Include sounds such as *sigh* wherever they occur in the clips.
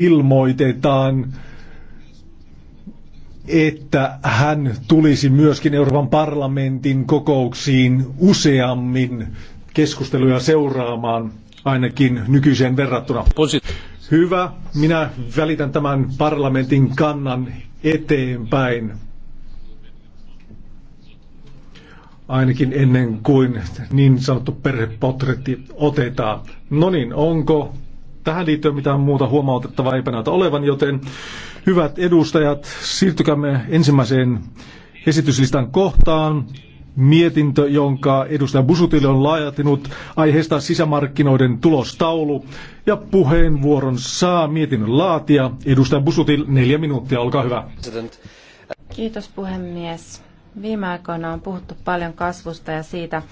ilmoitetaan, että hän tulisi myöskin Euroopan parlamentin kokouksiin useammin keskusteluja seuraamaan, ainakin nykyiseen verrattuna. Hyvä, minä välitän tämän parlamentin kannan eteenpäin. Ainakin ennen kuin niin sanottu perhepotretti otetaan. No niin, onko Tähän liittyen mitään muuta huomautettavaa eipä näytä olevan, joten hyvät edustajat, siirtykäämme ensimmäiseen esityslistan kohtaan. Mietintö, jonka edustaja Busutille on laajatinut aiheesta sisämarkkinoiden tulostaulu. Ja puheenvuoron saa mietinnön laatia. Edustaja Busutil, neljä minuuttia, olkaa hyvä. Kiitos puhemies. Viime aikoina on puhuttu paljon kasvusta ja siitä,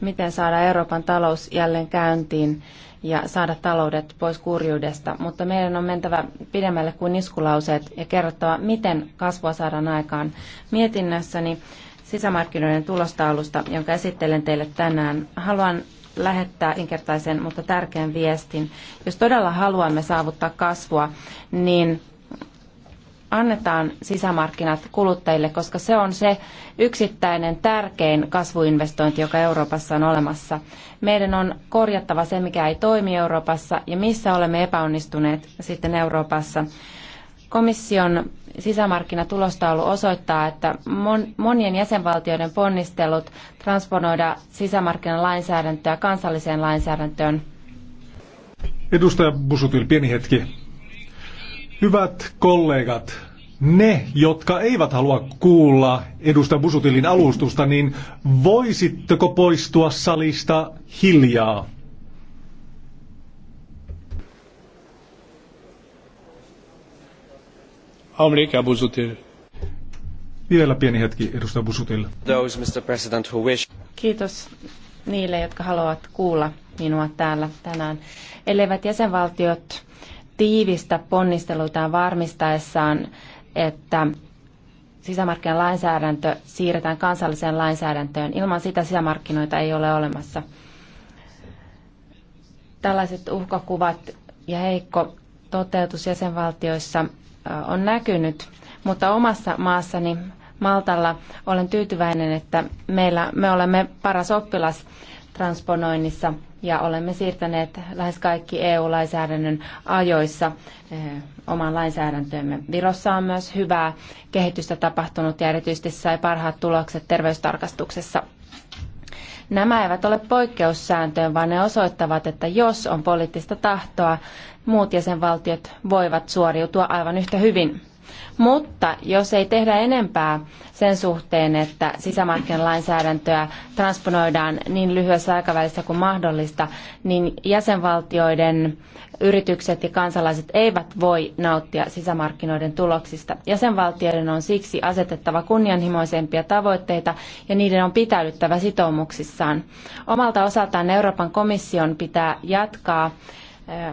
miten saada Euroopan talous jälleen käyntiin ja saada taloudet pois kurjuudesta, mutta meidän on mentävä pidemmälle kuin iskulauseet ja kerrottava, miten kasvua saadaan aikaan. Mietinnössäni sisämarkkinoiden tulostaulusta, jonka esittelen teille tänään, haluan lähettää inkertaisen, mutta tärkeän viestin. Jos todella haluamme saavuttaa kasvua, niin annetaan sisämarkkinat kuluttajille, koska se on se yksittäinen tärkein kasvuinvestointi, joka Euroopassa on olemassa. Meidän on korjattava se, mikä ei toimi Euroopassa ja missä olemme epäonnistuneet sitten Euroopassa. Komission sisämarkkinatulostaulu osoittaa, että monien jäsenvaltioiden ponnistelut transponoida sisämarkkinan lainsäädäntöä kansalliseen lainsäädäntöön. Edustaja Busutil, pieni hetki. Hyvät kollegat, ne, jotka eivät halua kuulla edusta Busutilin alustusta, niin voisitteko poistua salista hiljaa? Amerika Busutil. Vielä pieni hetki, edustaja Busutil. Those, Mr. President, who wish. Kiitos niille, jotka haluavat kuulla minua täällä tänään. Elevät jäsenvaltiot tiivistä ponnisteluitaan varmistaessaan, että sisämarkkinan lainsäädäntö siirretään kansalliseen lainsäädäntöön. Ilman sitä sisämarkkinoita ei ole olemassa. Tällaiset uhkakuvat ja heikko toteutus jäsenvaltioissa on näkynyt, mutta omassa maassani Maltalla olen tyytyväinen, että meillä, me olemme paras oppilas transponoinnissa – ja olemme siirtäneet lähes kaikki EU-lainsäädännön ajoissa eh, oman lainsäädäntöömme. Virossa on myös hyvää kehitystä tapahtunut ja erityisesti sai parhaat tulokset terveystarkastuksessa. Nämä eivät ole poikkeussääntöön, vaan ne osoittavat, että jos on poliittista tahtoa, muut jäsenvaltiot voivat suoriutua aivan yhtä hyvin. Mutta jos ei tehdä enempää sen suhteen, että sisämarkkinalainsäädäntöä transponoidaan niin lyhyessä aikavälissä kuin mahdollista, niin jäsenvaltioiden yritykset ja kansalaiset eivät voi nauttia sisämarkkinoiden tuloksista. Jäsenvaltioiden on siksi asetettava kunnianhimoisempia tavoitteita ja niiden on pitäydyttävä sitoumuksissaan. Omalta osaltaan Euroopan komission pitää jatkaa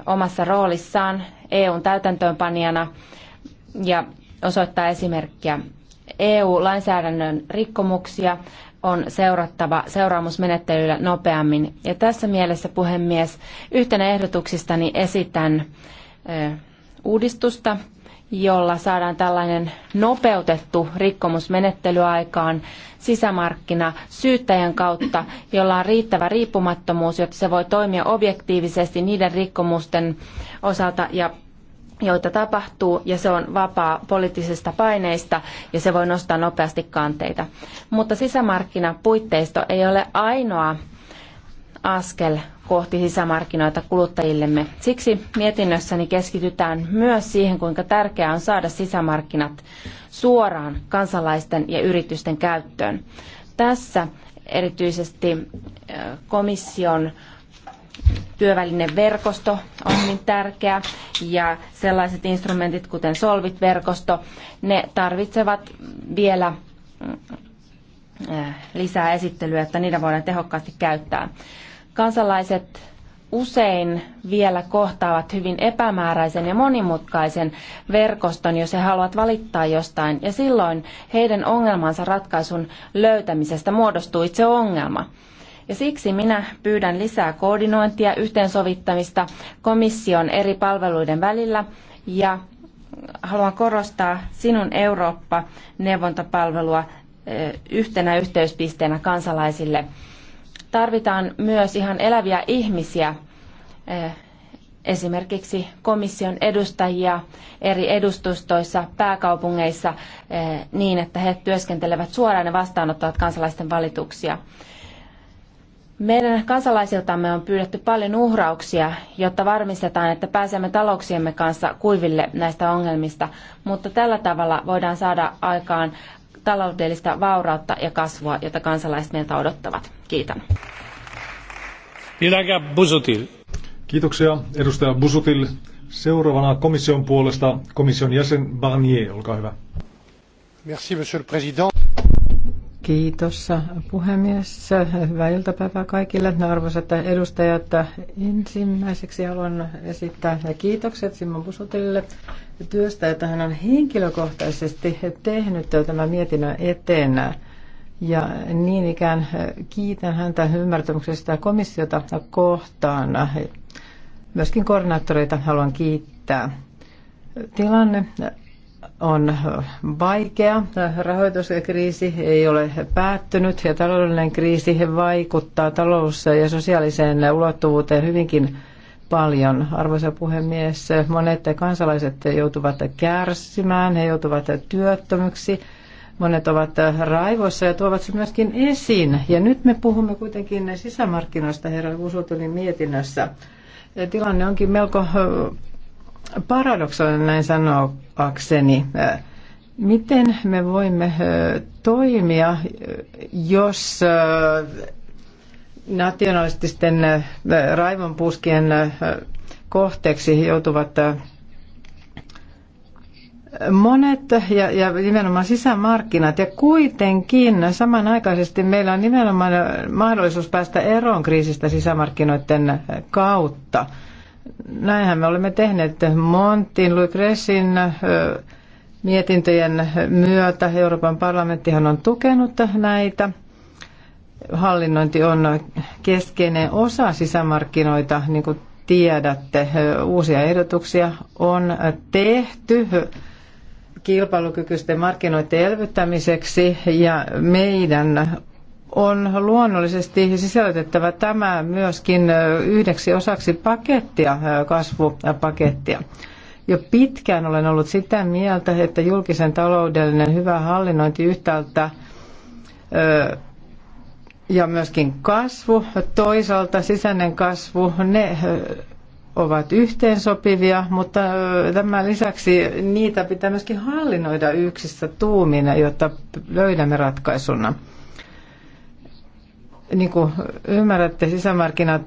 omassa roolissaan EUn täytäntöönpanijana ja osoittaa esimerkkiä. EU-lainsäädännön rikkomuksia on seurattava seuraamusmenettelyllä nopeammin. Ja tässä mielessä, puhemies, yhtenä ehdotuksistani esitän uudistusta, jolla saadaan tällainen nopeutettu rikkomusmenettely aikaan sisämarkkina syyttäjän kautta, jolla on riittävä riippumattomuus, jotta se voi toimia objektiivisesti niiden rikkomusten osalta ja joita tapahtuu, ja se on vapaa poliittisista paineista, ja se voi nostaa nopeasti kanteita. Mutta sisämarkkinapuitteisto ei ole ainoa askel kohti sisämarkkinoita kuluttajillemme. Siksi mietinnössäni keskitytään myös siihen, kuinka tärkeää on saada sisämarkkinat suoraan kansalaisten ja yritysten käyttöön. Tässä erityisesti komission työvälineverkosto verkosto on hyvin tärkeä ja sellaiset instrumentit kuten Solvit-verkosto, ne tarvitsevat vielä mm, lisää esittelyä, että niitä voidaan tehokkaasti käyttää. Kansalaiset usein vielä kohtaavat hyvin epämääräisen ja monimutkaisen verkoston, jos he haluavat valittaa jostain, ja silloin heidän ongelmansa ratkaisun löytämisestä muodostuu itse ongelma. Ja siksi minä pyydän lisää koordinointia, yhteensovittamista komission eri palveluiden välillä ja haluan korostaa sinun Eurooppa-neuvontapalvelua yhtenä yhteyspisteenä kansalaisille – tarvitaan myös ihan eläviä ihmisiä, eh, esimerkiksi komission edustajia eri edustustoissa, pääkaupungeissa, eh, niin että he työskentelevät suoraan ja vastaanottavat kansalaisten valituksia. Meidän kansalaisiltamme on pyydetty paljon uhrauksia, jotta varmistetaan, että pääsemme talouksiemme kanssa kuiville näistä ongelmista, mutta tällä tavalla voidaan saada aikaan taloudellista vaurautta ja kasvua, jota kansalaiset meiltä odottavat. Kiitän. Kiitoksia edustaja Busutil. Seuraavana komission puolesta komission jäsen Barnier, olkaa hyvä. Merci, monsieur le président. Kiitos puhemies. Hyvää iltapäivää kaikille. Arvoisat edustajat, ensimmäiseksi haluan esittää kiitokset Simon Busutille työstä, jota hän on henkilökohtaisesti tehnyt tämän mietinnön eteen. Ja niin ikään kiitän häntä ymmärtämyksestä komissiota kohtaan. Myöskin koordinaattoreita haluan kiittää. Tilanne on vaikea. Rahoituskriisi ei ole päättynyt ja taloudellinen kriisi vaikuttaa talous- ja sosiaaliseen ulottuvuuteen hyvinkin paljon. Arvoisa puhemies, monet kansalaiset joutuvat kärsimään, he joutuvat työttömyksi, monet ovat raivoissa ja tuovat se myöskin esiin. Ja nyt me puhumme kuitenkin sisämarkkinoista herra Usutelin mietinnössä. Tilanne onkin melko paradoksaalinen näin sanoakseni. Miten me voimme toimia, jos nationalististen äh, raivonpuskien äh, kohteeksi joutuvat äh, monet ja, ja nimenomaan sisämarkkinat. Ja kuitenkin samanaikaisesti meillä on nimenomaan mahdollisuus päästä eroon kriisistä sisämarkkinoiden kautta. Näinhän me olemme tehneet Montin, Lucresin mietintöjen myötä. Euroopan parlamenttihan on tukenut näitä hallinnointi on keskeinen osa sisämarkkinoita, niin kuin tiedätte. Uusia ehdotuksia on tehty kilpailukykyisten markkinoiden elvyttämiseksi ja meidän on luonnollisesti sisällytettävä tämä myöskin yhdeksi osaksi pakettia, kasvupakettia. Jo pitkään olen ollut sitä mieltä, että julkisen taloudellinen hyvä hallinnointi yhtäältä ja myöskin kasvu, toisaalta sisäinen kasvu, ne ovat yhteensopivia, mutta tämän lisäksi niitä pitää myöskin hallinnoida yksissä tuumina, jotta löydämme ratkaisuna. Niin kuin ymmärrätte, sisämarkkinat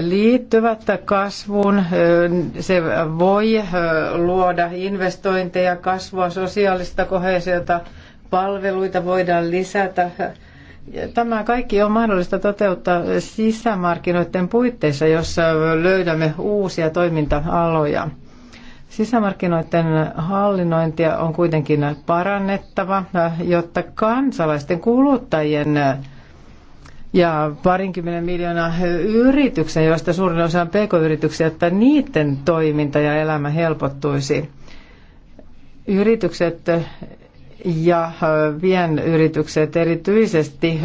liittyvät kasvuun. Se voi luoda investointeja, kasvua, sosiaalista koheesiota, palveluita voidaan lisätä, Tämä kaikki on mahdollista toteuttaa sisämarkkinoiden puitteissa, jossa löydämme uusia toiminta-aloja. Sisämarkkinoiden hallinnointia on kuitenkin parannettava, jotta kansalaisten kuluttajien ja parinkymmenen miljoonaa yrityksen, joista suurin osa on pk-yrityksiä, että niiden toiminta ja elämä helpottuisi. Yritykset ja äh, pienyritykset erityisesti äh,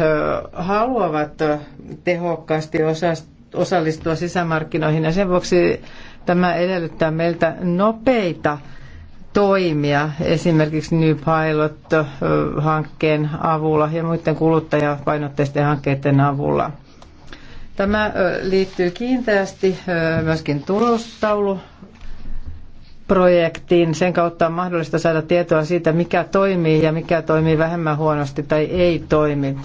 haluavat äh, tehokkaasti osallistua sisämarkkinoihin ja sen vuoksi tämä edellyttää meiltä nopeita toimia esimerkiksi New Pilot-hankkeen avulla ja muiden kuluttajapainotteisten hankkeiden avulla. Tämä liittyy kiinteästi myöskin tulostaulu projektiin. Sen kautta on mahdollista saada tietoa siitä, mikä toimii ja mikä toimii vähemmän huonosti tai ei toimi.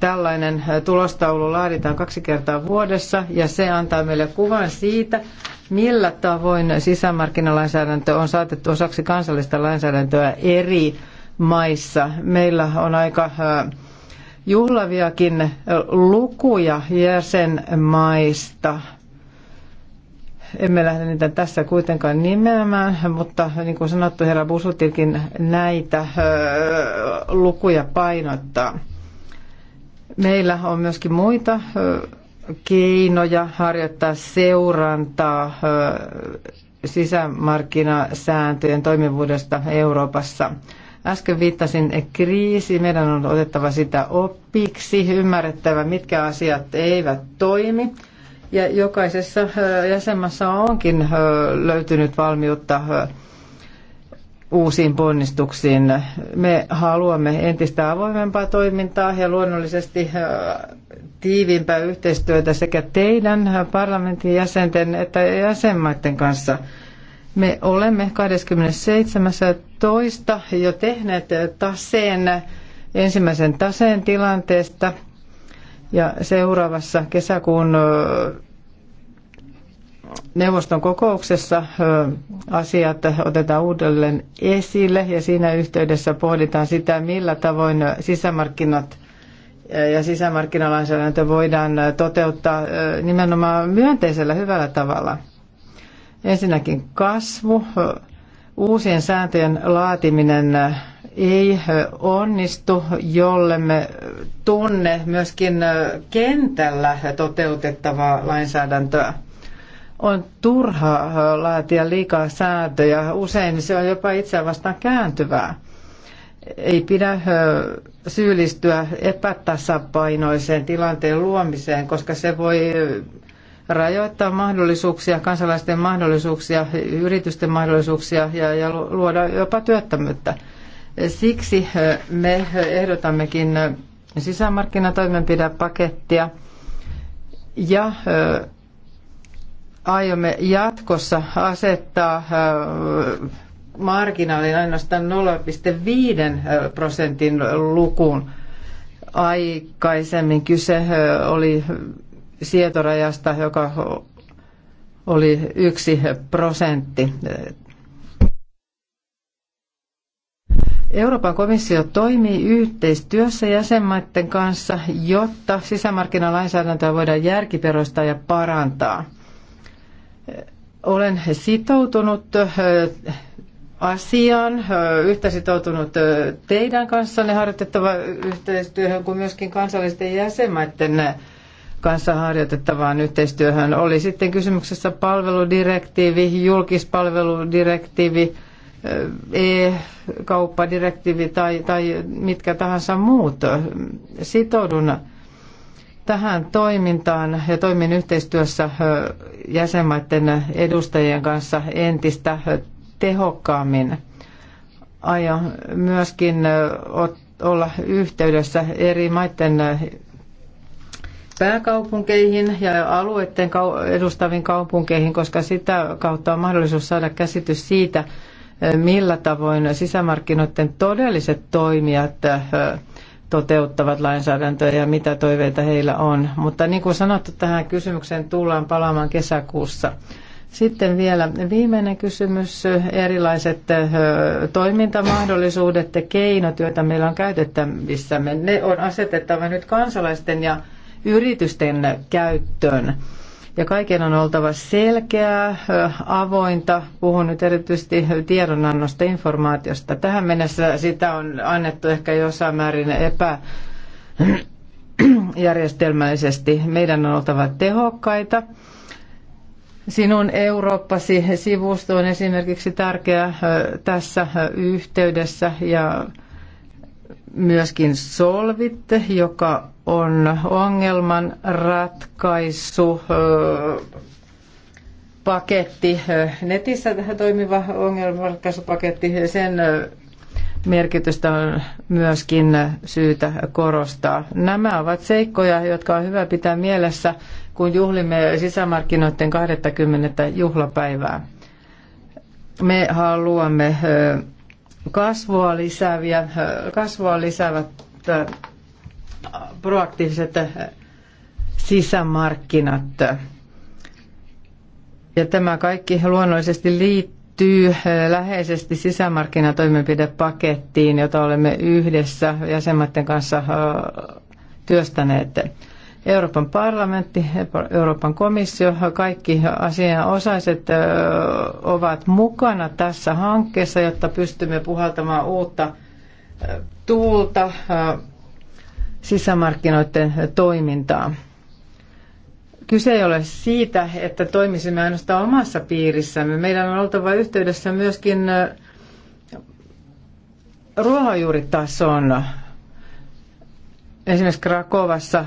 Tällainen tulostaulu laaditaan kaksi kertaa vuodessa ja se antaa meille kuvan siitä, millä tavoin sisämarkkinalainsäädäntö on saatettu osaksi kansallista lainsäädäntöä eri maissa. Meillä on aika juhlaviakin lukuja jäsenmaista emme lähde niitä tässä kuitenkaan nimeämään, mutta niin kuin sanottu, herra Busutilkin näitä lukuja painottaa. Meillä on myöskin muita keinoja harjoittaa seurantaa sisämarkkinasääntöjen toimivuudesta Euroopassa. Äsken viittasin kriisi, meidän on otettava sitä oppiksi, ymmärrettävä mitkä asiat eivät toimi ja jokaisessa jäsenmassa onkin löytynyt valmiutta uusiin ponnistuksiin. Me haluamme entistä avoimempaa toimintaa ja luonnollisesti tiiviimpää yhteistyötä sekä teidän parlamentin jäsenten että jäsenmaiden kanssa. Me olemme 27.2. jo tehneet taseen, ensimmäisen taseen tilanteesta – ja seuraavassa kesäkuun neuvoston kokouksessa asiat otetaan uudelleen esille ja siinä yhteydessä pohditaan sitä, millä tavoin sisämarkkinat ja sisämarkkinalainsäädäntö voidaan toteuttaa nimenomaan myönteisellä hyvällä tavalla. Ensinnäkin kasvu, uusien sääntöjen laatiminen ei onnistu, me tunne myöskin kentällä toteutettavaa lainsäädäntöä. On turha laatia liikaa sääntöjä. Usein se on jopa itse vastaan kääntyvää. Ei pidä syyllistyä epätasapainoiseen tilanteen luomiseen, koska se voi rajoittaa mahdollisuuksia, kansalaisten mahdollisuuksia, yritysten mahdollisuuksia ja, ja luoda jopa työttömyyttä. Siksi me ehdotammekin sisämarkkinatoimenpidepakettia ja aiomme jatkossa asettaa marginaalin ainoastaan 0,5 prosentin lukuun. Aikaisemmin kyse oli sietorajasta, joka oli yksi prosentti. Euroopan komissio toimii yhteistyössä jäsenmaiden kanssa, jotta sisämarkkinalainsäädäntöä voidaan järkiperustaa ja parantaa. Olen sitoutunut asiaan, yhtä sitoutunut teidän kanssanne harjoitettava yhteistyöhön kuin myöskin kansallisten jäsenmaiden kanssa harjoitettavaan yhteistyöhön. Oli sitten kysymyksessä palveludirektiivi, julkispalveludirektiivi, e-kauppadirektiivi tai, tai mitkä tahansa muut. Sitoudun tähän toimintaan ja toimin yhteistyössä jäsenmaiden edustajien kanssa entistä tehokkaammin. Aion myöskin olla yhteydessä eri maiden pääkaupunkeihin ja alueiden edustaviin kaupunkeihin, koska sitä kautta on mahdollisuus saada käsitys siitä, millä tavoin sisämarkkinoiden todelliset toimijat toteuttavat lainsäädäntöä ja mitä toiveita heillä on. Mutta niin kuin sanottu, tähän kysymykseen tullaan palaamaan kesäkuussa. Sitten vielä viimeinen kysymys, erilaiset toimintamahdollisuudet ja keinot, joita meillä on käytettävissämme, ne on asetettava nyt kansalaisten ja yritysten käyttöön. Ja kaiken on oltava selkeää, avointa. Puhun nyt erityisesti tiedonannosta, informaatiosta. Tähän mennessä sitä on annettu ehkä jossain määrin epä järjestelmällisesti. Meidän on oltava tehokkaita. Sinun Eurooppasi sivusto on esimerkiksi tärkeä tässä yhteydessä ja myöskin Solvit, joka on ongelman ratkaisu paketti, netissä toimiva ongelmanratkaisupaketti, sen merkitystä on myöskin syytä korostaa. Nämä ovat seikkoja, jotka on hyvä pitää mielessä, kun juhlimme sisämarkkinoiden 20. juhlapäivää. Me haluamme kasvua, lisääviä, kasvua lisäävät proaktiiviset sisämarkkinat. Ja tämä kaikki luonnollisesti liittyy läheisesti sisämarkkinatoimenpidepakettiin, jota olemme yhdessä jäsenmaiden kanssa työstäneet. Euroopan parlamentti, Euroopan komissio, kaikki asianosaiset ovat mukana tässä hankkeessa, jotta pystymme puhaltamaan uutta tuulta sisämarkkinoiden toimintaan. Kyse ei ole siitä, että toimisimme ainoastaan omassa piirissämme. Meidän on oltava yhteydessä myöskin ruohonjuuritason esimerkiksi Krakovassa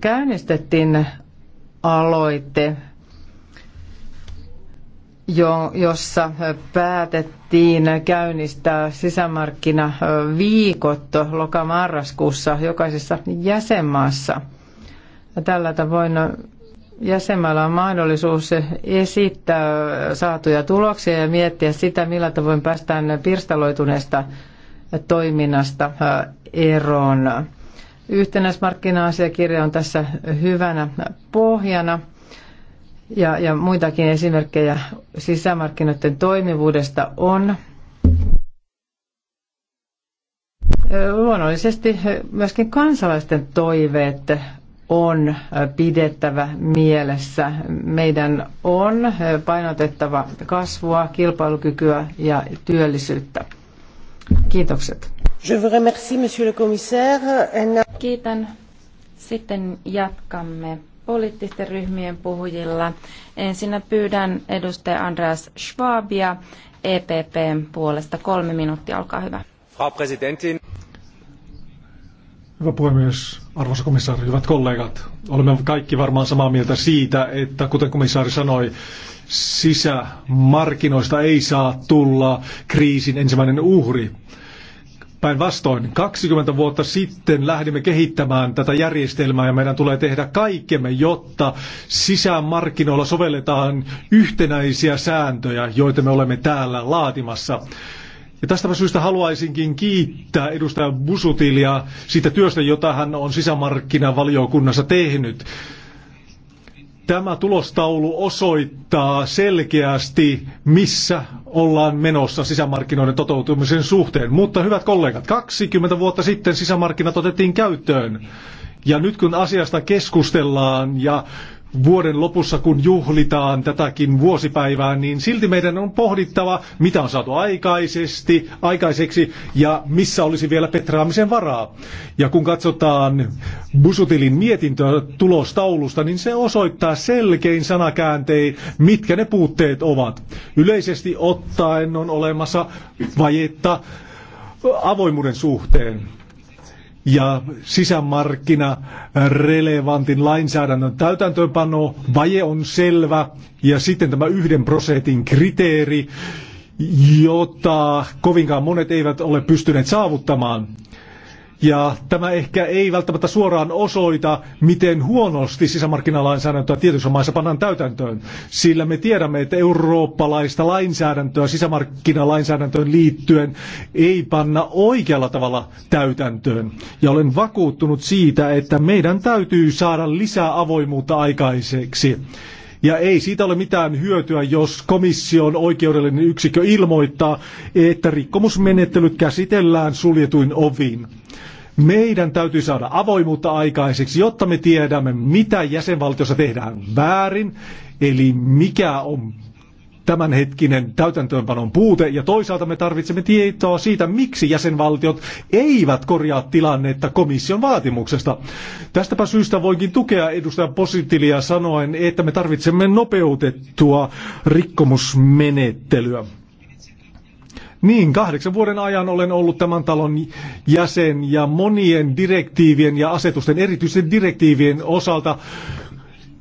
käynnistettiin aloite, jo, jossa päätettiin käynnistää sisämarkkina viikot lokamarraskuussa jokaisessa jäsenmaassa. Tällä tavoin jäsenmailla on mahdollisuus esittää saatuja tuloksia ja miettiä sitä, millä tavoin päästään pirstaloituneesta toiminnasta eroon. Yhtenäismarkkina-asiakirja on tässä hyvänä pohjana ja, ja muitakin esimerkkejä sisämarkkinoiden toimivuudesta on. Luonnollisesti myöskin kansalaisten toiveet on pidettävä mielessä. Meidän on painotettava kasvua, kilpailukykyä ja työllisyyttä. Kiitokset. Kiitän. Sitten jatkamme poliittisten ryhmien puhujilla. Ensinnä pyydän edustaja Andreas Schwabia EPPn puolesta. Kolme minuuttia, olkaa hyvä. Frau Präsidentin. Hyvä puhemies, arvoisa komissaari, hyvät kollegat. Olemme kaikki varmaan samaa mieltä siitä, että kuten komissaari sanoi, sisämarkkinoista ei saa tulla kriisin ensimmäinen uhri. Päinvastoin, 20 vuotta sitten lähdimme kehittämään tätä järjestelmää ja meidän tulee tehdä kaikkemme, jotta sisämarkkinoilla sovelletaan yhtenäisiä sääntöjä, joita me olemme täällä laatimassa. Ja tästä syystä haluaisinkin kiittää edustaja Busutilia siitä työstä, jota hän on sisämarkkinavaliokunnassa tehnyt. Tämä tulostaulu osoittaa selkeästi, missä ollaan menossa sisämarkkinoiden toteutumisen suhteen. Mutta hyvät kollegat, 20 vuotta sitten sisämarkkinat otettiin käyttöön. Ja nyt kun asiasta keskustellaan ja vuoden lopussa, kun juhlitaan tätäkin vuosipäivää, niin silti meidän on pohdittava, mitä on saatu aikaisesti, aikaiseksi ja missä olisi vielä petraamisen varaa. Ja kun katsotaan Busutilin mietintöä tulostaulusta, niin se osoittaa selkein sanakääntein, mitkä ne puutteet ovat. Yleisesti ottaen on olemassa vajetta avoimuuden suhteen ja sisämarkkina relevantin lainsäädännön täytäntöönpano, vaje on selvä ja sitten tämä yhden prosentin kriteeri, jota kovinkaan monet eivät ole pystyneet saavuttamaan. Ja tämä ehkä ei välttämättä suoraan osoita, miten huonosti sisämarkkinalainsäädäntöä tietyissä maissa pannaan täytäntöön. Sillä me tiedämme, että eurooppalaista lainsäädäntöä sisämarkkinalainsäädäntöön liittyen ei panna oikealla tavalla täytäntöön. Ja olen vakuuttunut siitä, että meidän täytyy saada lisää avoimuutta aikaiseksi. Ja ei siitä ole mitään hyötyä, jos komission oikeudellinen yksikkö ilmoittaa, että rikkomusmenettelyt käsitellään suljetuin ovin. Meidän täytyy saada avoimuutta aikaiseksi, jotta me tiedämme, mitä jäsenvaltiossa tehdään väärin, eli mikä on tämänhetkinen täytäntöönpanon puute, ja toisaalta me tarvitsemme tietoa siitä, miksi jäsenvaltiot eivät korjaa tilannetta komission vaatimuksesta. Tästäpä syystä voinkin tukea edustaja Positilia sanoen, että me tarvitsemme nopeutettua rikkomusmenettelyä. Niin, kahdeksan vuoden ajan olen ollut tämän talon jäsen ja monien direktiivien ja asetusten, erityisen direktiivien osalta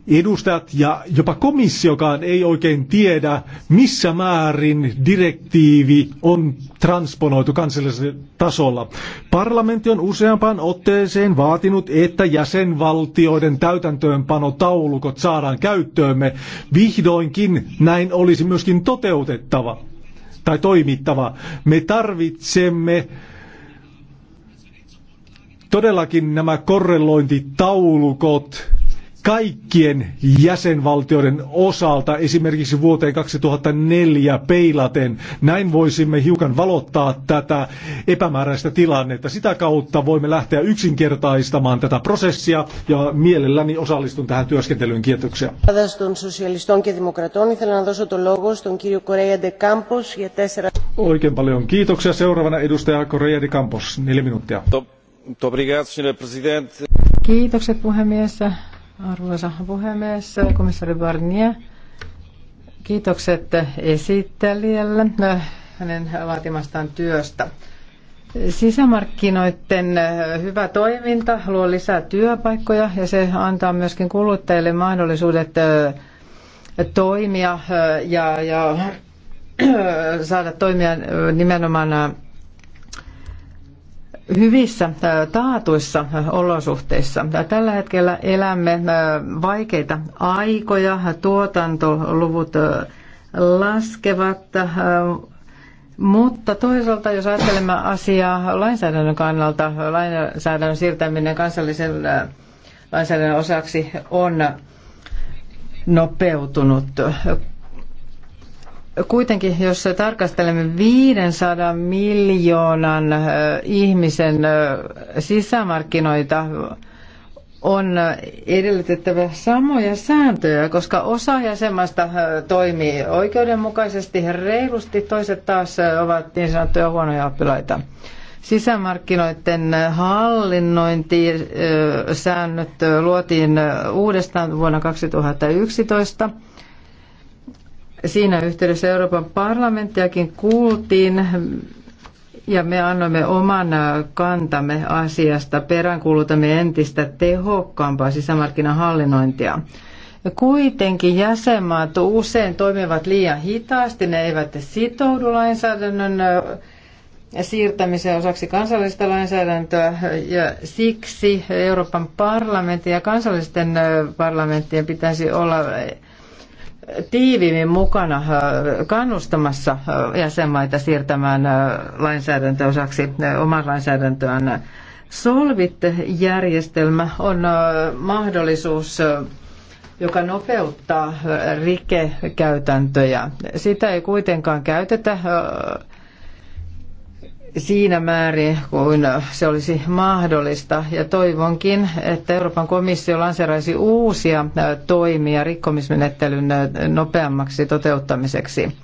edustajat ja jopa komissiokaan ei oikein tiedä, missä määrin direktiivi on transponoitu kansallisella tasolla. Parlamentti on useampaan otteeseen vaatinut, että jäsenvaltioiden täytäntöönpanotaulukot saadaan käyttöömme. Vihdoinkin näin olisi myöskin toteutettava tai toimittava. Me tarvitsemme todellakin nämä korrelointitaulukot kaikkien jäsenvaltioiden osalta esimerkiksi vuoteen 2004 peilaten. Näin voisimme hiukan valottaa tätä epämääräistä tilannetta. Sitä kautta voimme lähteä yksinkertaistamaan tätä prosessia ja mielelläni osallistun tähän työskentelyyn. Kiitoksia. Oikein paljon kiitoksia. Seuraavana edustaja Correa de Campos. Neljä minuuttia. Kiitokset puhemies. Arvoisa puhemies, komissaari Barnier, kiitokset esittelijälle hänen vaatimastaan työstä. Sisämarkkinoiden hyvä toiminta luo lisää työpaikkoja ja se antaa myöskin kuluttajille mahdollisuudet äh, toimia äh, ja, ja äh, saada toimia nimenomaan hyvissä taatuissa olosuhteissa. Tällä hetkellä elämme vaikeita aikoja, tuotantoluvut laskevat, mutta toisaalta, jos ajattelemme asiaa lainsäädännön kannalta, lainsäädännön siirtäminen kansallisen lainsäädännön osaksi on nopeutunut. Kuitenkin, jos tarkastelemme 500 miljoonan ihmisen sisämarkkinoita, on edellytettävä samoja sääntöjä, koska osa jäsenmaista toimii oikeudenmukaisesti reilusti, toiset taas ovat niin sanottuja huonoja oppilaita. Sisämarkkinoiden hallinnointisäännöt luotiin uudestaan vuonna 2011 Siinä yhteydessä Euroopan parlamenttiakin kuultiin ja me annoimme oman kantamme asiasta. Peräänkuulutamme entistä tehokkaampaa sisämarkkinahallinnointia. Kuitenkin jäsenmaat usein toimivat liian hitaasti, ne eivät sitoudu lainsäädännön äh, siirtämiseen osaksi kansallista lainsäädäntöä ja siksi Euroopan parlamentin ja kansallisten äh, parlamenttien pitäisi olla tiiviimmin mukana äh, kannustamassa äh, jäsenmaita siirtämään äh, lainsäädäntö osaksi oman lainsäädäntöään. Solvit-järjestelmä on mahdollisuus, joka nopeuttaa rikekäytäntöjä. Sitä ei kuitenkaan käytetä siinä määrin kuin se olisi mahdollista. Ja toivonkin, että Euroopan komissio lanseeraisi uusia toimia rikkomismenettelyn nopeammaksi toteuttamiseksi.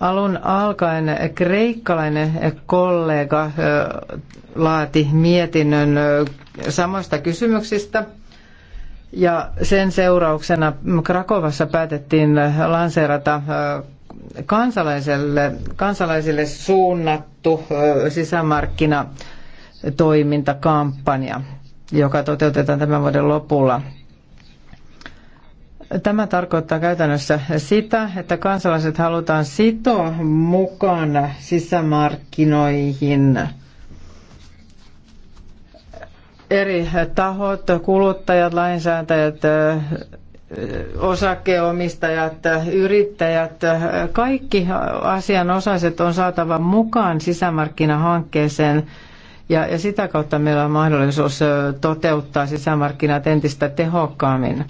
Alun alkaen kreikkalainen kollega laati mietinnön samoista kysymyksistä. Ja sen seurauksena Krakovassa päätettiin lanseerata kansalaiselle, kansalaisille suunnattu sisämarkkinatoimintakampanja, joka toteutetaan tämän vuoden lopulla. Tämä tarkoittaa käytännössä sitä, että kansalaiset halutaan sitoa mukaan sisämarkkinoihin. Eri tahot, kuluttajat, lainsäätäjät, osakkeenomistajat, yrittäjät, kaikki asianosaiset on saatava mukaan sisämarkkinahankkeeseen ja, ja sitä kautta meillä on mahdollisuus toteuttaa sisämarkkinat entistä tehokkaammin.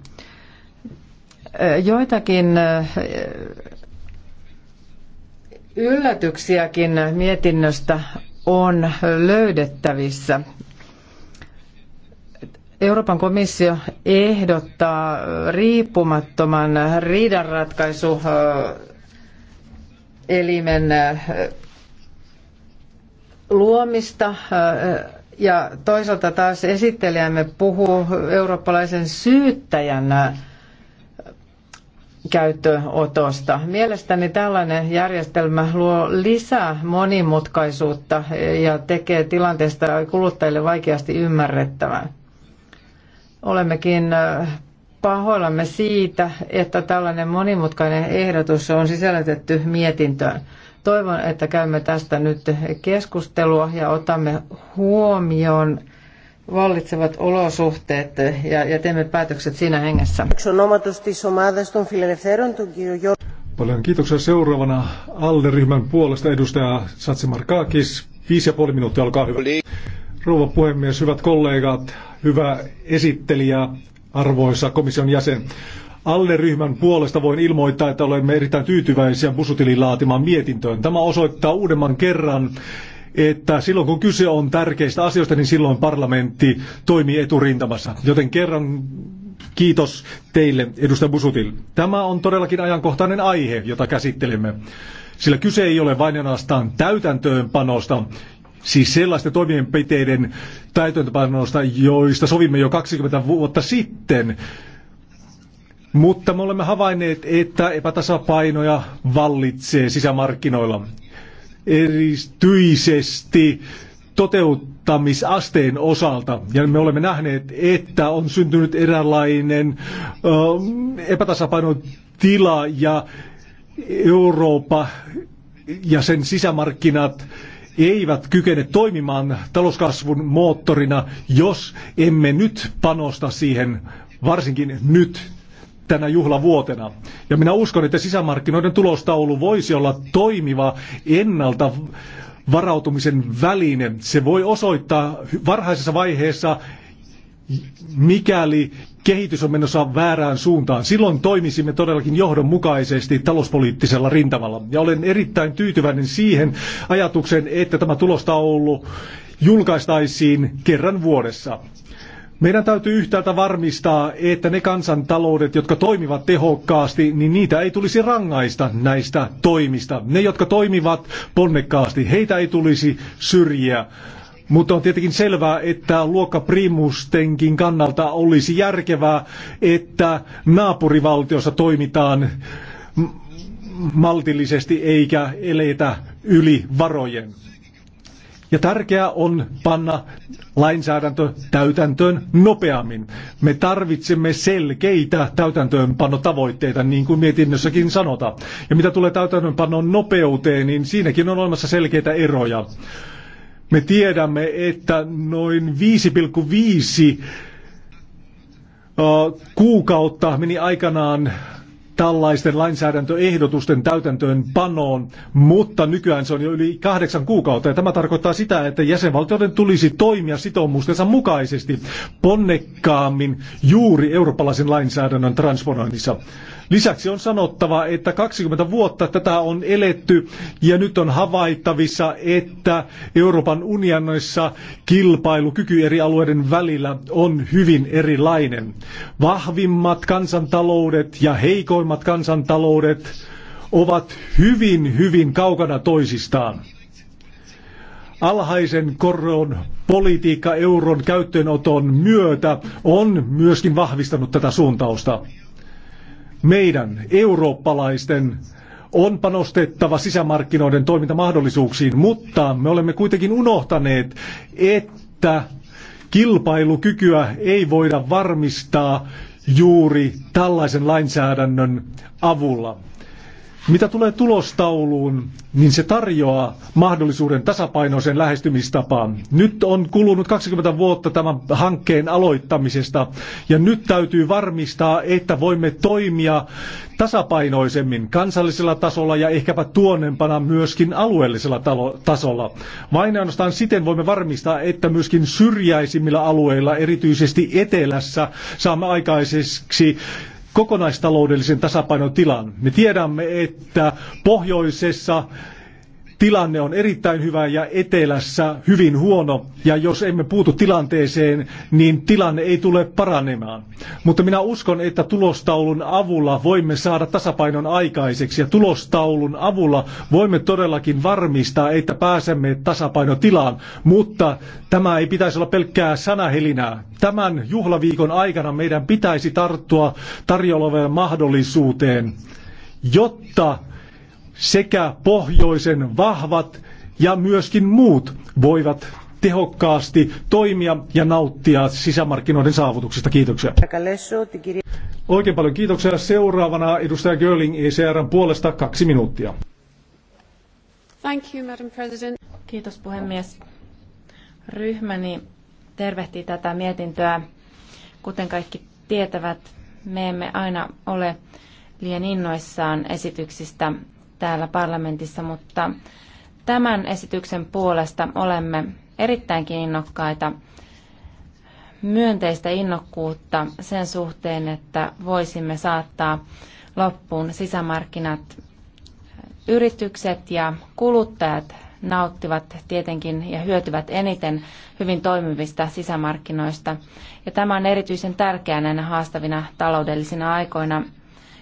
Joitakin yllätyksiäkin mietinnöstä on löydettävissä. Euroopan komissio ehdottaa riippumattoman riidanratkaisuelimen elimen luomista ja toisaalta taas esittelijämme puhuu eurooppalaisen syyttäjän käyttöönotosta. Mielestäni tällainen järjestelmä luo lisää monimutkaisuutta ja tekee tilanteesta kuluttajille vaikeasti ymmärrettävän. Olemmekin äh, pahoillamme siitä, että tällainen monimutkainen ehdotus on sisällytetty mietintöön. Toivon, että käymme tästä nyt keskustelua ja otamme huomioon vallitsevat olosuhteet ja, ja teemme päätökset siinä hengessä. Paljon kiitoksia seuraavana ALDE-ryhmän puolesta edustaja Satsimarkaakis. Viisi ja puoli minuuttia, olkaa hyvä. Rouva puhemies, hyvät kollegat, hyvä esittelijä, arvoisa komission jäsen. Alle-ryhmän puolesta voin ilmoittaa, että olemme erittäin tyytyväisiä Busutilin laatimaan mietintöön. Tämä osoittaa uudemman kerran, että silloin kun kyse on tärkeistä asioista, niin silloin parlamentti toimii eturintamassa. Joten kerran kiitos teille, edustaja Busutil. Tämä on todellakin ajankohtainen aihe, jota käsittelemme. Sillä kyse ei ole vain ainoastaan täytäntöönpanosta, Siis sellaisten toimenpiteiden täytäntöpanosta, joista sovimme jo 20 vuotta sitten. Mutta me olemme havainneet, että epätasapainoja vallitsee sisämarkkinoilla. Erityisesti toteuttamisasteen osalta. Ja me olemme nähneet, että on syntynyt eräänlainen epätasapainon tila ja Eurooppa ja sen sisämarkkinat eivät kykene toimimaan talouskasvun moottorina, jos emme nyt panosta siihen, varsinkin nyt tänä juhlavuotena. Ja minä uskon, että sisämarkkinoiden tulostaulu voisi olla toimiva ennalta varautumisen väline. Se voi osoittaa varhaisessa vaiheessa, mikäli kehitys on menossa väärään suuntaan. Silloin toimisimme todellakin johdonmukaisesti talouspoliittisella rintamalla. Ja olen erittäin tyytyväinen siihen ajatukseen, että tämä tulostaulu julkaistaisiin kerran vuodessa. Meidän täytyy yhtäältä varmistaa, että ne kansantaloudet, jotka toimivat tehokkaasti, niin niitä ei tulisi rangaista näistä toimista. Ne, jotka toimivat ponnekkaasti, heitä ei tulisi syrjiä. Mutta on tietenkin selvää, että luokkaprimustenkin kannalta olisi järkevää, että naapurivaltiossa toimitaan maltillisesti eikä eletä yli varojen. Ja tärkeää on panna lainsäädäntö täytäntöön nopeammin. Me tarvitsemme selkeitä täytäntöönpanotavoitteita, niin kuin mietinnössäkin sanotaan. Ja mitä tulee täytäntöönpanon nopeuteen, niin siinäkin on olemassa selkeitä eroja. Me tiedämme, että noin 5,5 äh, kuukautta meni aikanaan tällaisten lainsäädäntöehdotusten täytäntöön panoon, mutta nykyään se on jo yli kahdeksan kuukautta. Ja tämä tarkoittaa sitä, että jäsenvaltioiden tulisi toimia sitoumustensa mukaisesti ponnekkaammin juuri eurooppalaisen lainsäädännön transponoinnissa. Lisäksi on sanottava, että 20 vuotta tätä on eletty ja nyt on havaittavissa, että Euroopan unionissa kilpailukyky eri alueiden välillä on hyvin erilainen. Vahvimmat kansantaloudet ja heikoimmat kansantaloudet ovat hyvin, hyvin kaukana toisistaan alhaisen koron politiikka euron käyttöönoton myötä on myöskin vahvistanut tätä suuntausta. Meidän eurooppalaisten on panostettava sisämarkkinoiden toimintamahdollisuuksiin, mutta me olemme kuitenkin unohtaneet, että kilpailukykyä ei voida varmistaa juuri tällaisen lainsäädännön avulla. Mitä tulee tulostauluun, niin se tarjoaa mahdollisuuden tasapainoiseen lähestymistapaan. Nyt on kulunut 20 vuotta tämän hankkeen aloittamisesta ja nyt täytyy varmistaa, että voimme toimia tasapainoisemmin kansallisella tasolla ja ehkäpä tuonnempana myöskin alueellisella tasolla. Vain ainoastaan siten voimme varmistaa, että myöskin syrjäisimmillä alueilla, erityisesti etelässä, saamme aikaiseksi kokonaistaloudellisen tasapainon tilan. Me tiedämme, että pohjoisessa tilanne on erittäin hyvä ja etelässä hyvin huono. Ja jos emme puutu tilanteeseen, niin tilanne ei tule paranemaan. Mutta minä uskon, että tulostaulun avulla voimme saada tasapainon aikaiseksi. Ja tulostaulun avulla voimme todellakin varmistaa, että pääsemme tasapainotilaan. Mutta tämä ei pitäisi olla pelkkää sanahelinää. Tämän juhlaviikon aikana meidän pitäisi tarttua tarjolla mahdollisuuteen, jotta sekä pohjoisen vahvat ja myöskin muut voivat tehokkaasti toimia ja nauttia sisämarkkinoiden saavutuksista. Kiitoksia. Oikein paljon kiitoksia. Seuraavana edustaja Görling ECRn puolesta kaksi minuuttia. Thank you, Madam President. Kiitos puhemies. Ryhmäni tervehtii tätä mietintöä. Kuten kaikki tietävät, me emme aina ole liian innoissaan esityksistä, täällä parlamentissa, mutta tämän esityksen puolesta olemme erittäinkin innokkaita myönteistä innokkuutta sen suhteen, että voisimme saattaa loppuun sisämarkkinat. Yritykset ja kuluttajat nauttivat tietenkin ja hyötyvät eniten hyvin toimivista sisämarkkinoista. Ja tämä on erityisen tärkeää näinä haastavina taloudellisina aikoina,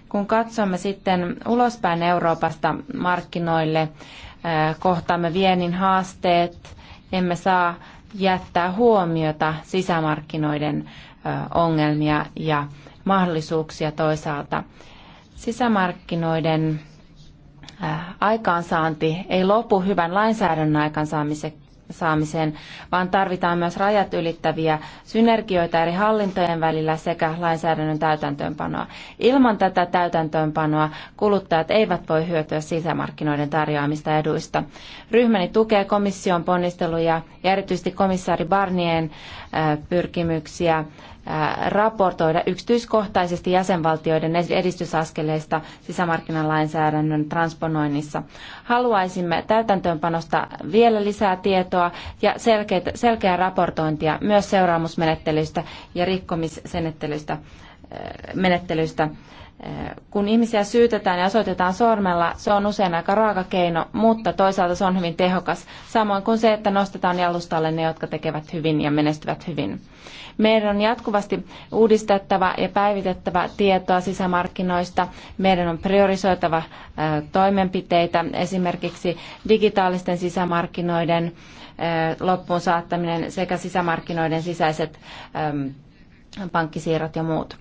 kun katsomme sitten ulospäin Euroopasta markkinoille, äh, kohtaamme viennin haasteet, emme saa jättää huomiota sisämarkkinoiden äh, ongelmia ja mahdollisuuksia toisaalta. Sisämarkkinoiden äh, aikaansaanti ei lopu hyvän lainsäädännön aikaansaamiseksi saamiseen, vaan tarvitaan myös rajat ylittäviä synergioita eri hallintojen välillä sekä lainsäädännön täytäntöönpanoa. Ilman tätä täytäntöönpanoa kuluttajat eivät voi hyötyä sisämarkkinoiden tarjoamista eduista. Ryhmäni tukee komission ponnisteluja ja erityisesti komissaari Barnien äh, pyrkimyksiä raportoida yksityiskohtaisesti jäsenvaltioiden edistysaskeleista sisämarkkinalainsäädännön transponoinnissa. Haluaisimme täytäntöönpanosta vielä lisää tietoa ja selkeitä, selkeää raportointia myös seuraamusmenettelyistä ja rikkomismenettelyistä Kun ihmisiä syytetään ja osoitetaan sormella, se on usein aika raaka keino, mutta toisaalta se on hyvin tehokas, samoin kuin se, että nostetaan jalustalle ne, jotka tekevät hyvin ja menestyvät hyvin. Meidän on jatkuvasti uudistettava ja päivitettävä tietoa sisämarkkinoista. Meidän on priorisoitava toimenpiteitä, esimerkiksi digitaalisten sisämarkkinoiden loppuun saattaminen sekä sisämarkkinoiden sisäiset pankkisiirrot ja muut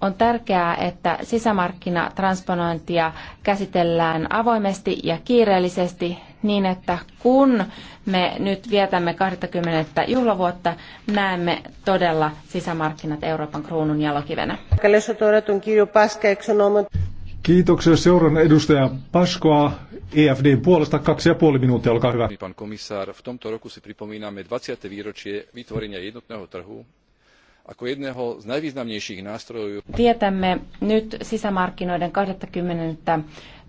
on tärkeää, että sisämarkkinatransponointia käsitellään avoimesti ja kiireellisesti niin, että kun me nyt vietämme 20. juhlavuotta, näemme todella sisämarkkinat Euroopan kruunun jalokivenä. Kiitoksia seuran edustaja Paskoa. EFD puolesta kaksi ja puoli minuuttia, olkaa hyvä. Pan komisár, v tomto roku si pripomíname 20. výročie vytvorenia jednotného trhu ako jedného z najvýznamnejších nástrojov. Vietämme nyt sisämarkkinoiden 20.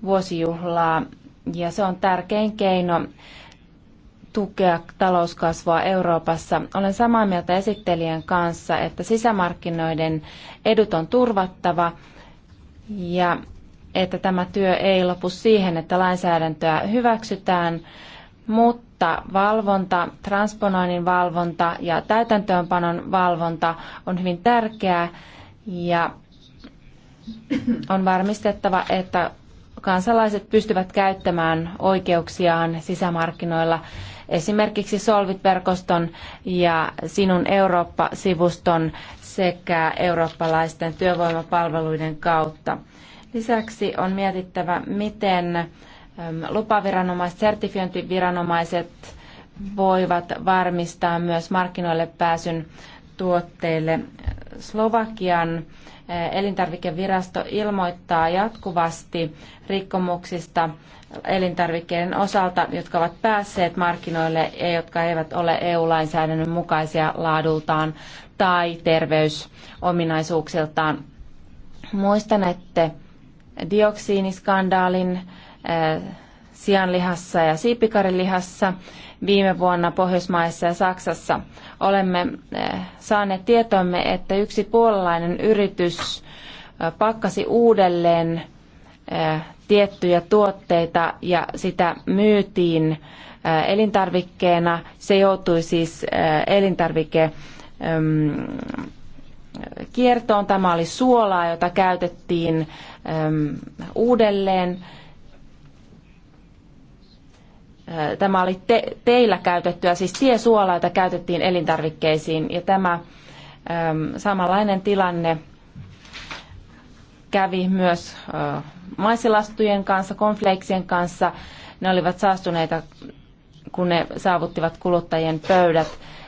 vuosijuhlaa ja se on tärkein keino tukea talouskasvua Euroopassa. Olen samaa mieltä esittelijän kanssa, että sisämarkkinoiden edut on turvattava ja että tämä työ ei lopu siihen, että lainsäädäntöä hyväksytään, mutta valvonta, transponoinnin valvonta ja täytäntöönpanon valvonta on hyvin tärkeää ja on varmistettava, että kansalaiset pystyvät käyttämään oikeuksiaan sisämarkkinoilla esimerkiksi Solvit-verkoston ja Sinun Eurooppa-sivuston sekä eurooppalaisten työvoimapalveluiden kautta. Lisäksi on mietittävä, miten lupaviranomaiset, sertifiointiviranomaiset voivat varmistaa myös markkinoille pääsyn tuotteille. Slovakian Eh, elintarvikevirasto ilmoittaa jatkuvasti rikkomuksista elintarvikkeiden osalta, jotka ovat päässeet markkinoille ja jotka eivät ole EU-lainsäädännön mukaisia laadultaan tai terveysominaisuuksiltaan. Muistanette dioksiiniskandaalin eh, sianlihassa ja siipikarillihassa viime vuonna Pohjoismaissa ja Saksassa. Olemme eh, saaneet tietoimme, että yksi puolalainen yritys eh, pakkasi uudelleen eh, tiettyjä tuotteita ja sitä myytiin elintarvikkeena. Se joutui siis elintarvike ehm, kiertoon. Tämä oli suolaa, jota käytettiin ehm, uudelleen Tämä oli te, teillä käytettyä, siis tiesuolaa, jota käytettiin elintarvikkeisiin. Ja tämä äm, samanlainen tilanne kävi myös äh, maisilastujen kanssa, konfleiksien kanssa. Ne olivat saastuneita, kun ne saavuttivat kuluttajien pöydät.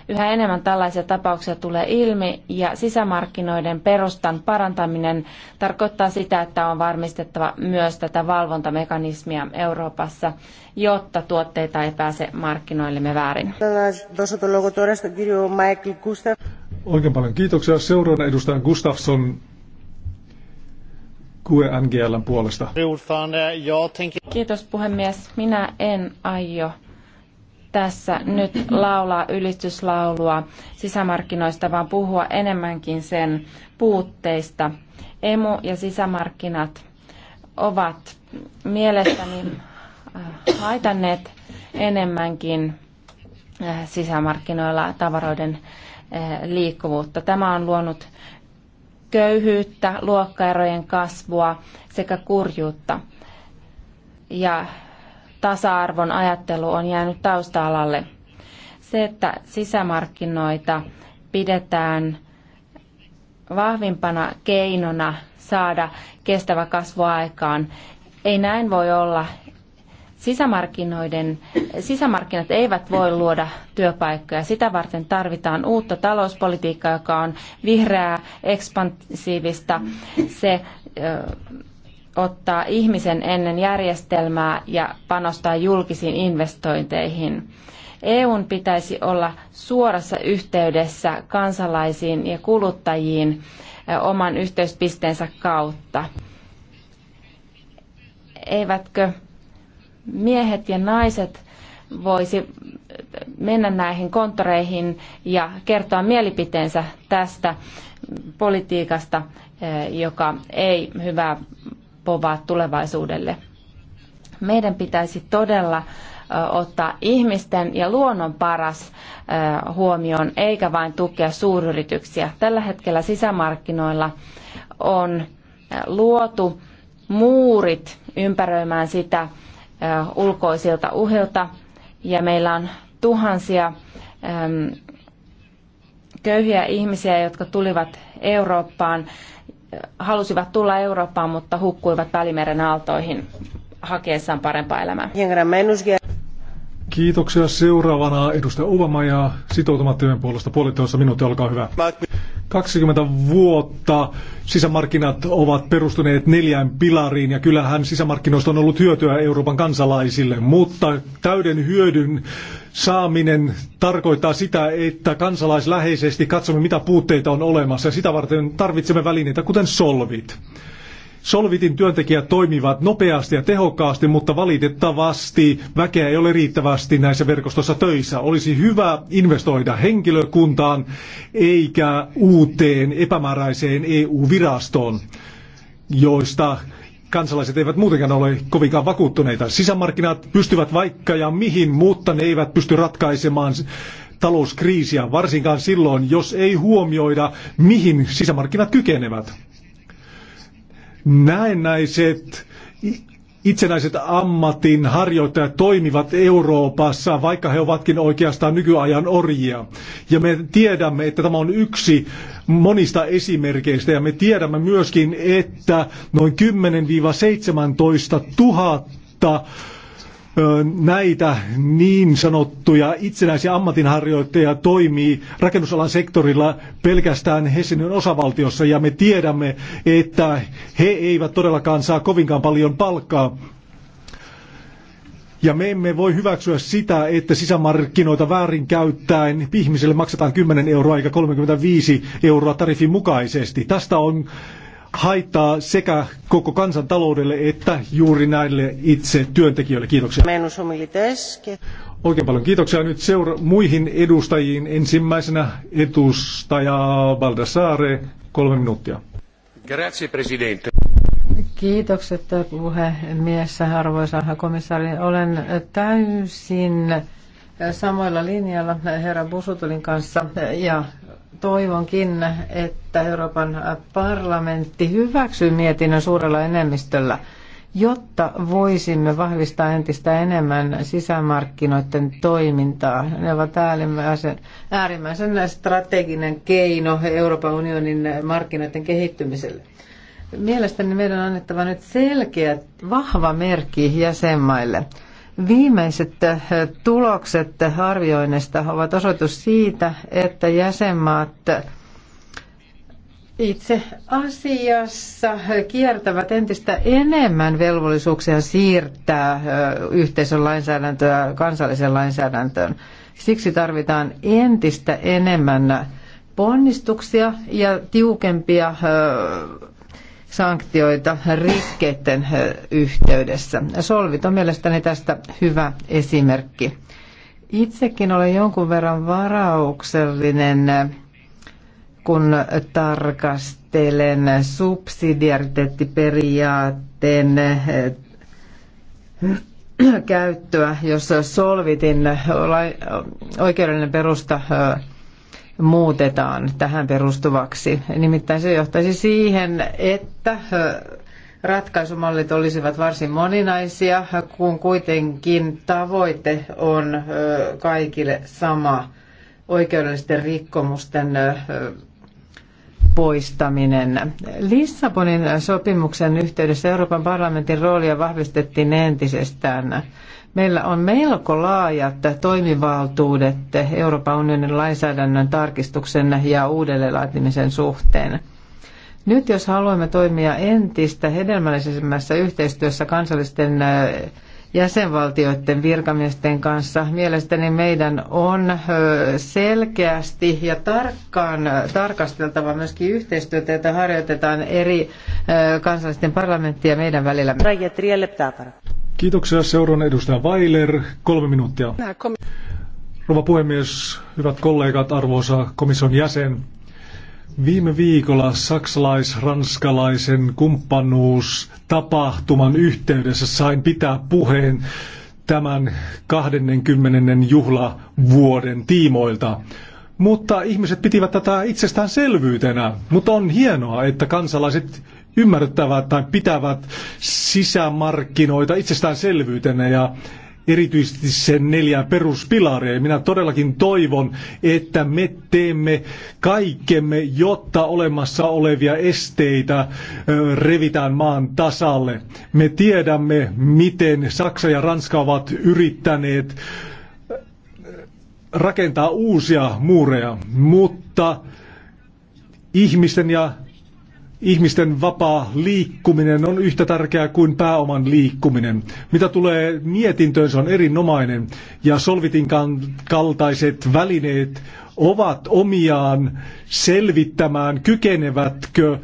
Yhä enemmän tällaisia tapauksia tulee ilmi ja sisämarkkinoiden perustan parantaminen tarkoittaa sitä, että on varmistettava myös tätä valvontamekanismia Euroopassa, jotta tuotteita ei pääse markkinoillemme väärin. Oikein paljon kiitoksia. Seuraavana edustajan Gustafsson QNGLn puolesta. Kiitos puhemies. Minä en aio tässä nyt laulaa ylistyslaulua sisämarkkinoista, vaan puhua enemmänkin sen puutteista. Emu ja sisämarkkinat ovat mielestäni äh, haitanneet enemmänkin äh, sisämarkkinoilla tavaroiden äh, liikkuvuutta. Tämä on luonut köyhyyttä, luokkaerojen kasvua sekä kurjuutta. Ja tasa-arvon ajattelu on jäänyt tausta-alalle. Se, että sisämarkkinoita pidetään vahvimpana keinona saada kestävä kasvu aikaan, ei näin voi olla. Sisämarkkinoiden, sisämarkkinat eivät voi luoda työpaikkoja. Sitä varten tarvitaan uutta talouspolitiikkaa, joka on vihreää, ekspansiivista. Se ö, ottaa ihmisen ennen järjestelmää ja panostaa julkisiin investointeihin. EUn pitäisi olla suorassa yhteydessä kansalaisiin ja kuluttajiin oman yhteyspisteensä kautta. Eivätkö miehet ja naiset voisi mennä näihin konttoreihin ja kertoa mielipiteensä tästä politiikasta, joka ei hyvää povaa tulevaisuudelle. Meidän pitäisi todella ottaa ihmisten ja luonnon paras huomioon, eikä vain tukea suuryrityksiä. Tällä hetkellä sisämarkkinoilla on luotu muurit ympäröimään sitä ulkoisilta uhilta, ja meillä on tuhansia köyhiä ihmisiä, jotka tulivat Eurooppaan halusivat tulla Eurooppaan, mutta hukkuivat Välimeren aaltoihin hakeessaan parempaa elämää. Kiitoksia. Seuraavana edustaja Uvama ja sitoutumattomien puolesta puolitoista minuuttia, olkaa hyvä. 20 vuotta sisämarkkinat ovat perustuneet neljään pilariin ja kyllähän sisämarkkinoista on ollut hyötyä Euroopan kansalaisille, mutta täyden hyödyn saaminen tarkoittaa sitä, että kansalaisläheisesti katsomme mitä puutteita on olemassa ja sitä varten tarvitsemme välineitä kuten solvit. Solvitin työntekijät toimivat nopeasti ja tehokkaasti, mutta valitettavasti väkeä ei ole riittävästi näissä verkostossa töissä. Olisi hyvä investoida henkilökuntaan eikä uuteen epämääräiseen EU-virastoon, joista kansalaiset eivät muutenkaan ole kovinkaan vakuuttuneita. Sisämarkkinat pystyvät vaikka ja mihin, mutta ne eivät pysty ratkaisemaan talouskriisiä, varsinkaan silloin, jos ei huomioida, mihin sisämarkkinat kykenevät näennäiset itsenäiset ammatin harjoittajat toimivat Euroopassa, vaikka he ovatkin oikeastaan nykyajan orjia. Ja me tiedämme, että tämä on yksi monista esimerkkeistä ja me tiedämme myöskin, että noin 10-17 tuhatta näitä niin sanottuja itsenäisiä ammatinharjoittajia toimii rakennusalan sektorilla pelkästään Hessenin osavaltiossa ja me tiedämme, että he eivät todellakaan saa kovinkaan paljon palkkaa. Ja me emme voi hyväksyä sitä, että sisämarkkinoita käyttäen ihmiselle maksetaan 10 euroa eikä 35 euroa tariffin mukaisesti. Tästä on haittaa sekä koko kansan taloudelle että juuri näille itse työntekijöille. Kiitoksia. Oikein paljon kiitoksia nyt seura- muihin edustajiin. Ensimmäisenä edustaja Baldassare, kolme minuuttia. Grazie, presidente. Kiitokset puhemies, arvoisa komissaari. Olen täysin samoilla linjalla herra Busutulin kanssa ja toivonkin, että Euroopan parlamentti hyväksyy mietinnön suurella enemmistöllä, jotta voisimme vahvistaa entistä enemmän sisämarkkinoiden toimintaa. Ne ovat äärimmäisen, äärimmäisen strateginen keino Euroopan unionin markkinoiden kehittymiselle. Mielestäni meidän on annettava nyt selkeä, vahva merkki jäsenmaille – Viimeiset eh, tulokset arvioinnista ovat osoitus siitä, että jäsenmaat itse asiassa kiertävät entistä enemmän velvollisuuksia siirtää eh, yhteisön lainsäädäntöä kansalliseen lainsäädäntöön. Siksi tarvitaan entistä enemmän ponnistuksia ja tiukempia eh, sanktioita rikkeiden yhteydessä. Solvit on mielestäni tästä hyvä esimerkki. Itsekin olen jonkun verran varauksellinen, kun tarkastelen subsidiariteettiperiaatteen käyttöä, jos solvitin oikeudellinen perusta muutetaan tähän perustuvaksi. Nimittäin se johtaisi siihen, että ratkaisumallit olisivat varsin moninaisia, kun kuitenkin tavoite on kaikille sama oikeudellisten rikkomusten poistaminen. Lissabonin sopimuksen yhteydessä Euroopan parlamentin roolia vahvistettiin entisestään. Meillä on melko laajat toimivaltuudet Euroopan unionin lainsäädännön tarkistuksen ja uudelleenlaatimisen suhteen. Nyt jos haluamme toimia entistä hedelmällisemmässä yhteistyössä kansallisten äh, jäsenvaltioiden virkamiesten kanssa, mielestäni meidän on äh, selkeästi ja tarkkaan äh, tarkasteltava myöskin yhteistyötä, jota harjoitetaan eri kansallisten parlamenttien meidän välillä. Kiitoksia. Seuraan edustaja Weiler. Kolme minuuttia. Rouva puhemies, hyvät kollegat, arvoisa komission jäsen. Viime viikolla saksalais-ranskalaisen kumppanuustapahtuman yhteydessä sain pitää puheen tämän 20. juhlavuoden tiimoilta. Mutta ihmiset pitivät tätä itsestäänselvyytenä. Mutta on hienoa, että kansalaiset ymmärtävät tai pitävät sisämarkkinoita itsestäänselvyytenä ja erityisesti sen neljää peruspilaria. Minä todellakin toivon, että me teemme kaikkemme, jotta olemassa olevia esteitä revitään maan tasalle. Me tiedämme, miten Saksa ja Ranska ovat yrittäneet rakentaa uusia muureja, mutta ihmisten ja ihmisten vapaa liikkuminen on yhtä tärkeää kuin pääoman liikkuminen. Mitä tulee mietintöön, se on erinomainen. Ja Solvitin kaltaiset välineet ovat omiaan selvittämään, kykenevätkö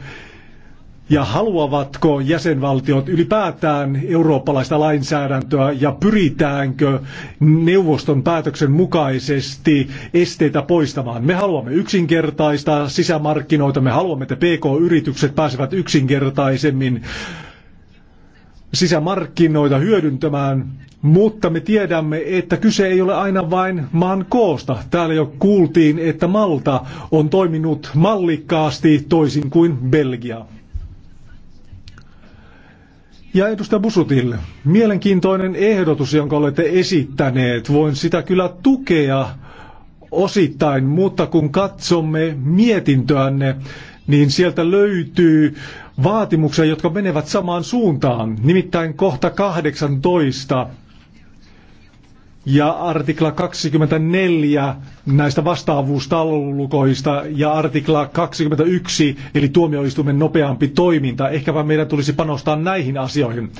ja haluavatko jäsenvaltiot ylipäätään eurooppalaista lainsäädäntöä ja pyritäänkö neuvoston päätöksen mukaisesti esteitä poistamaan. Me haluamme yksinkertaistaa sisämarkkinoita, me haluamme, että PK-yritykset pääsevät yksinkertaisemmin sisämarkkinoita hyödyntämään, mutta me tiedämme, että kyse ei ole aina vain maan koosta. Täällä jo kuultiin, että Malta on toiminut mallikkaasti toisin kuin Belgia. Ja edustaja Busutille, mielenkiintoinen ehdotus, jonka olette esittäneet. Voin sitä kyllä tukea osittain, mutta kun katsomme mietintöänne, niin sieltä löytyy vaatimuksia, jotka menevät samaan suuntaan. Nimittäin kohta 18 ja artikla 24 näistä vastaavuustaulukoista ja artikla 21 eli tuomioistuimen nopeampi toiminta. Ehkäpä meidän tulisi panostaa näihin asioihin.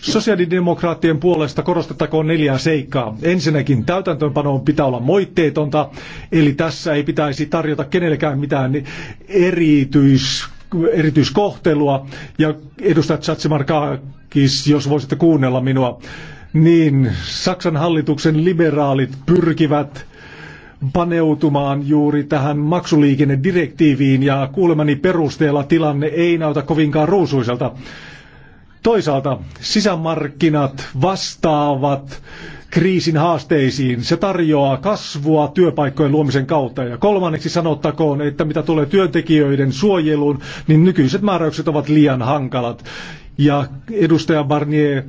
Sosiaalidemokraattien puolesta korostettakoon neljää seikkaa. Ensinnäkin täytäntöönpanoon pitää olla moitteetonta, eli tässä ei pitäisi tarjota kenellekään mitään erityis erityiskohtelua. Ja edustaja Chatsimarkakis, jos voisitte kuunnella minua, niin Saksan hallituksen liberaalit pyrkivät paneutumaan juuri tähän maksuliikennedirektiiviin ja kuulemani perusteella tilanne ei näytä kovinkaan ruusuiselta. Toisaalta sisämarkkinat vastaavat kriisin haasteisiin. Se tarjoaa kasvua työpaikkojen luomisen kautta. Ja kolmanneksi sanottakoon, että mitä tulee työntekijöiden suojeluun, niin nykyiset määräykset ovat liian hankalat. Ja edustaja Barnier,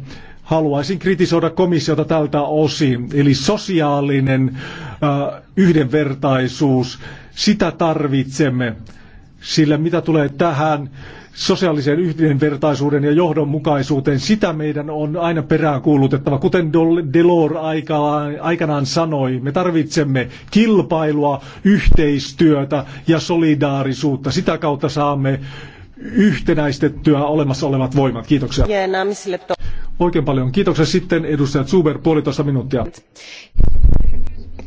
Haluaisin kritisoida komissiota tältä osin, eli sosiaalinen äh, yhdenvertaisuus, sitä tarvitsemme, sillä mitä tulee tähän sosiaaliseen yhdenvertaisuuden ja johdonmukaisuuteen, sitä meidän on aina peräänkuulutettava. Kuten Delors aikanaan sanoi, me tarvitsemme kilpailua, yhteistyötä ja solidaarisuutta. Sitä kautta saamme yhtenäistettyä olemassa olevat voimat. Kiitoksia. Oikein paljon kiitoksia. Sitten edustaja Zuber, puolitoista minuuttia.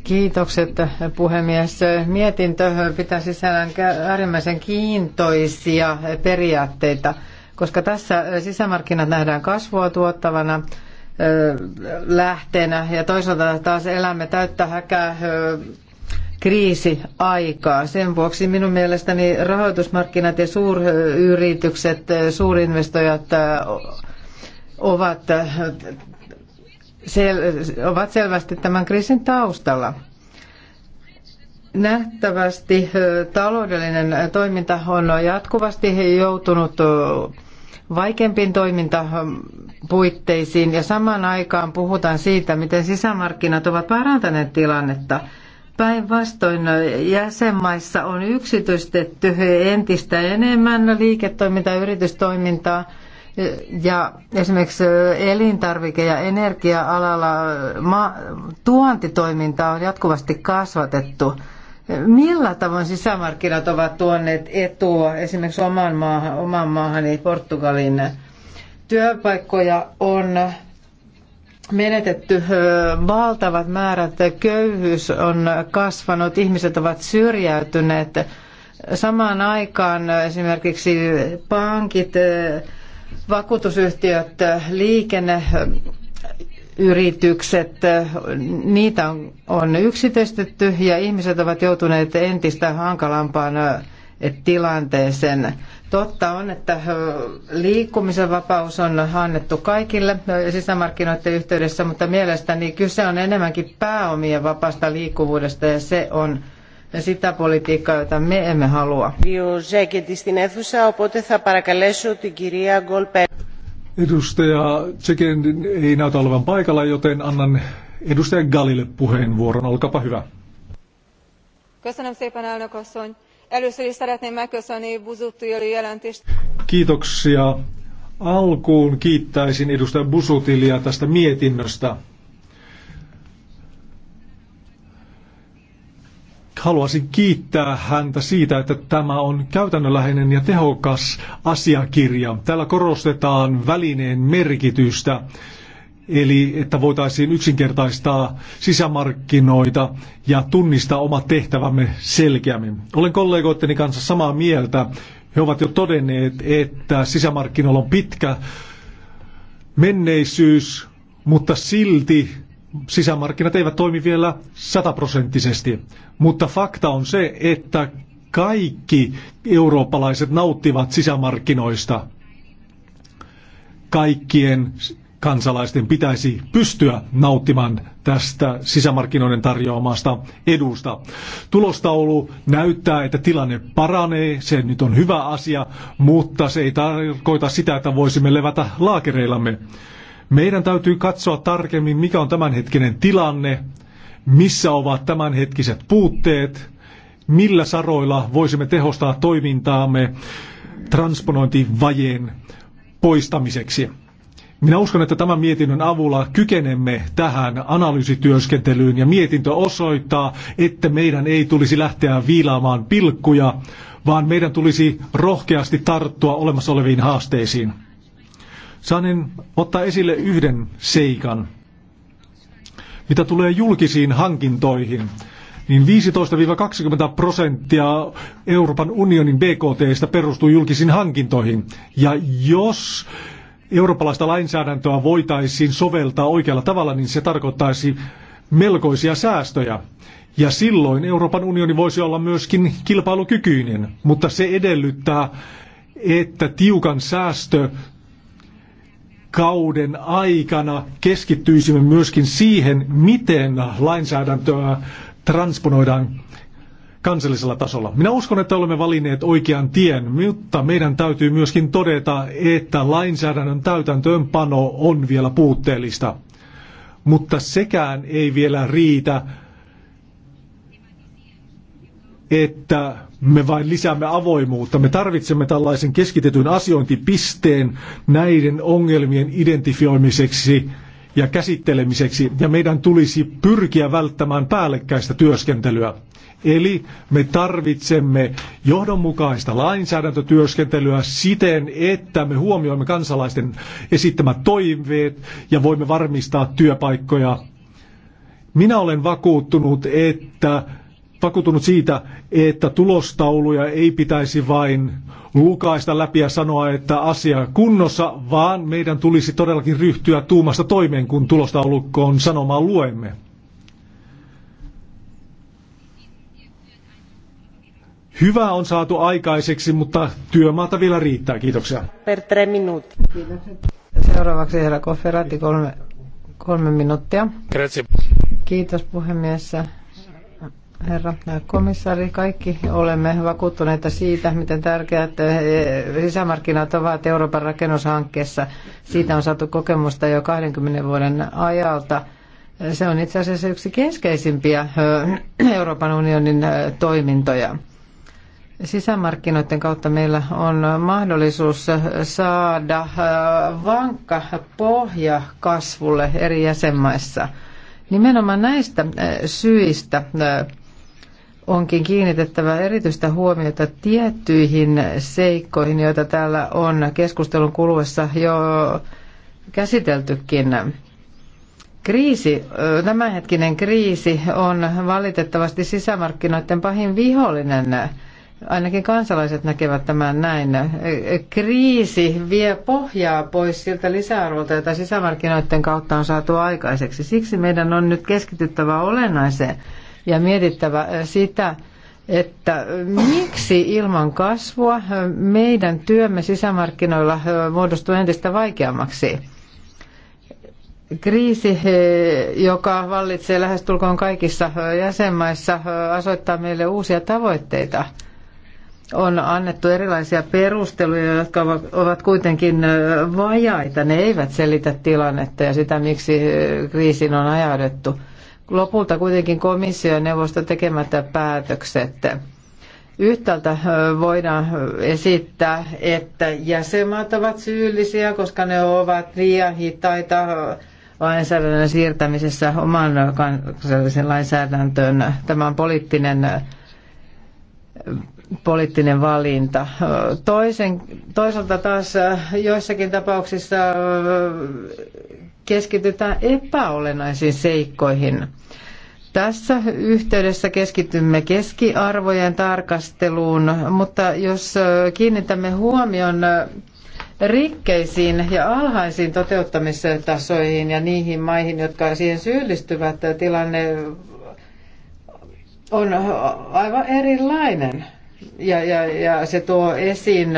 Kiitokset puhemies. Mietintö pitää sisällään äärimmäisen kiintoisia periaatteita, koska tässä sisämarkkinat nähdään kasvua tuottavana lähteenä ja toisaalta taas elämme täyttä häkää kriisiaikaa. Sen vuoksi minun mielestäni rahoitusmarkkinat ja suuryritykset, suurinvestoijat ovat, äh, sel, ovat selvästi tämän kriisin taustalla. Nähtävästi äh, taloudellinen toiminta on jatkuvasti joutunut äh, vaikeampiin toimintapuitteisiin ja samaan aikaan puhutaan siitä, miten sisämarkkinat ovat parantaneet tilannetta. Päinvastoin jäsenmaissa on yksityistetty entistä enemmän liiketoimintaa ja yritystoimintaa ja esimerkiksi elintarvike- ja energia-alalla tuontitoiminta on jatkuvasti kasvatettu. Millä tavoin sisämarkkinat ovat tuoneet etua esimerkiksi oman maahan, oman maahani Portugalin työpaikkoja on menetetty valtavat määrät, köyhyys on kasvanut, ihmiset ovat syrjäytyneet. Samaan aikaan esimerkiksi pankit, vakuutusyhtiöt, liikenneyritykset, niitä on, on yksityistetty ja ihmiset ovat joutuneet entistä hankalampaan tilanteeseen. Totta on, että liikkumisen vapaus on annettu kaikille sisämarkkinoiden yhteydessä, mutta mielestäni kyse on enemmänkin pääomien vapaasta liikkuvuudesta ja se on sitä politiikkaa, jota me emme halua. Edustaja Tseken ei näytä olevan paikalla, joten annan edustaja Galille puheenvuoron. Olkaapa hyvä. Kiitoksia. Alkuun kiittäisin edustaja Busutilia tästä mietinnöstä. Haluaisin kiittää häntä siitä, että tämä on käytännönläheinen ja tehokas asiakirja. Täällä korostetaan välineen merkitystä, eli että voitaisiin yksinkertaistaa sisämarkkinoita ja tunnistaa omat tehtävämme selkeämmin. Olen kollegoitteni kanssa samaa mieltä. He ovat jo todenneet, että sisämarkkinoilla on pitkä menneisyys, mutta silti sisämarkkinat eivät toimi vielä sataprosenttisesti, mutta fakta on se, että kaikki eurooppalaiset nauttivat sisämarkkinoista. Kaikkien kansalaisten pitäisi pystyä nauttimaan tästä sisämarkkinoiden tarjoamasta edusta. Tulostaulu näyttää, että tilanne paranee, se nyt on hyvä asia, mutta se ei tarkoita sitä, että voisimme levätä laakereillamme. Meidän täytyy katsoa tarkemmin, mikä on tämänhetkinen tilanne, missä ovat tämänhetkiset puutteet, millä saroilla voisimme tehostaa toimintaamme transponointivajeen poistamiseksi. Minä uskon, että tämän mietinnön avulla kykenemme tähän analyysityöskentelyyn ja mietintö osoittaa, että meidän ei tulisi lähteä viilaamaan pilkkuja, vaan meidän tulisi rohkeasti tarttua olemassa oleviin haasteisiin. Saanen ottaa esille yhden seikan. Mitä tulee julkisiin hankintoihin, niin 15-20 prosenttia Euroopan unionin BKTstä perustuu julkisiin hankintoihin. Ja jos eurooppalaista lainsäädäntöä voitaisiin soveltaa oikealla tavalla, niin se tarkoittaisi melkoisia säästöjä. Ja silloin Euroopan unioni voisi olla myöskin kilpailukykyinen, mutta se edellyttää, että tiukan säästö kauden aikana keskittyisimme myöskin siihen, miten lainsäädäntöä transponoidaan kansallisella tasolla. Minä uskon, että olemme valinneet oikean tien, mutta meidän täytyy myöskin todeta, että lainsäädännön täytäntöönpano on vielä puutteellista. Mutta sekään ei vielä riitä, että me vain lisäämme avoimuutta. Me tarvitsemme tällaisen keskitetyn asiointipisteen näiden ongelmien identifioimiseksi ja käsittelemiseksi, ja meidän tulisi pyrkiä välttämään päällekkäistä työskentelyä. Eli me tarvitsemme johdonmukaista lainsäädäntötyöskentelyä siten, että me huomioimme kansalaisten esittämät toiveet ja voimme varmistaa työpaikkoja. Minä olen vakuuttunut, että vakuutunut siitä, että tulostauluja ei pitäisi vain lukaista läpi ja sanoa, että asia kunnossa, vaan meidän tulisi todellakin ryhtyä tuumasta toimeen, kun tulostaulukkoon sanomaan luemme. Hyvää on saatu aikaiseksi, mutta työmaata vielä riittää. Kiitoksia. Per tre minuutti. Seuraavaksi herra Kofferati, kolme, kolme minuuttia. Grazie. Kiitos puhemies. Herra komissaari, kaikki olemme vakuuttuneita siitä, miten tärkeät eh, sisämarkkinat ovat Euroopan rakennushankkeessa. Siitä on saatu kokemusta jo 20 vuoden ajalta. Se on itse asiassa yksi keskeisimpiä eh, Euroopan unionin eh, toimintoja. Sisämarkkinoiden kautta meillä on mahdollisuus saada vankka pohja kasvulle eri jäsenmaissa. Nimenomaan näistä syistä onkin kiinnitettävä erityistä huomiota tiettyihin seikkoihin, joita täällä on keskustelun kuluessa jo käsiteltykin. Kriisi, tämänhetkinen kriisi on valitettavasti sisämarkkinoiden pahin vihollinen. Ainakin kansalaiset näkevät tämän näin. Kriisi vie pohjaa pois siltä lisäarvolta, jota sisämarkkinoiden kautta on saatu aikaiseksi. Siksi meidän on nyt keskityttävä olennaiseen ja mietittävä äh, sitä, että miksi ilman kasvua äh, meidän työmme sisämarkkinoilla äh, muodostuu entistä vaikeammaksi. Kriisi, joka vallitsee lähestulkoon kaikissa jäsenmaissa, asoittaa meille uusia tavoitteita. On annettu erilaisia perusteluja, jotka ovat kuitenkin vajaita. Ne eivät selitä tilannetta ja sitä, miksi kriisin on ajauduttu lopulta kuitenkin ja neuvosto tekemättä päätökset. Yhtäältä voidaan esittää, että jäsenmaat ovat syyllisiä, koska ne ovat liian hitaita lainsäädännön siirtämisessä oman kansallisen lainsäädäntöön. Tämä on poliittinen, poliittinen valinta. Toisen, toisaalta taas joissakin tapauksissa keskitytään epäolennaisiin seikkoihin. Tässä yhteydessä keskitymme keskiarvojen tarkasteluun, mutta jos kiinnitämme huomion rikkeisiin ja alhaisiin toteuttamistasoihin ja niihin maihin, jotka siihen syyllistyvät, tilanne on aivan erilainen. Ja, ja, ja se tuo esiin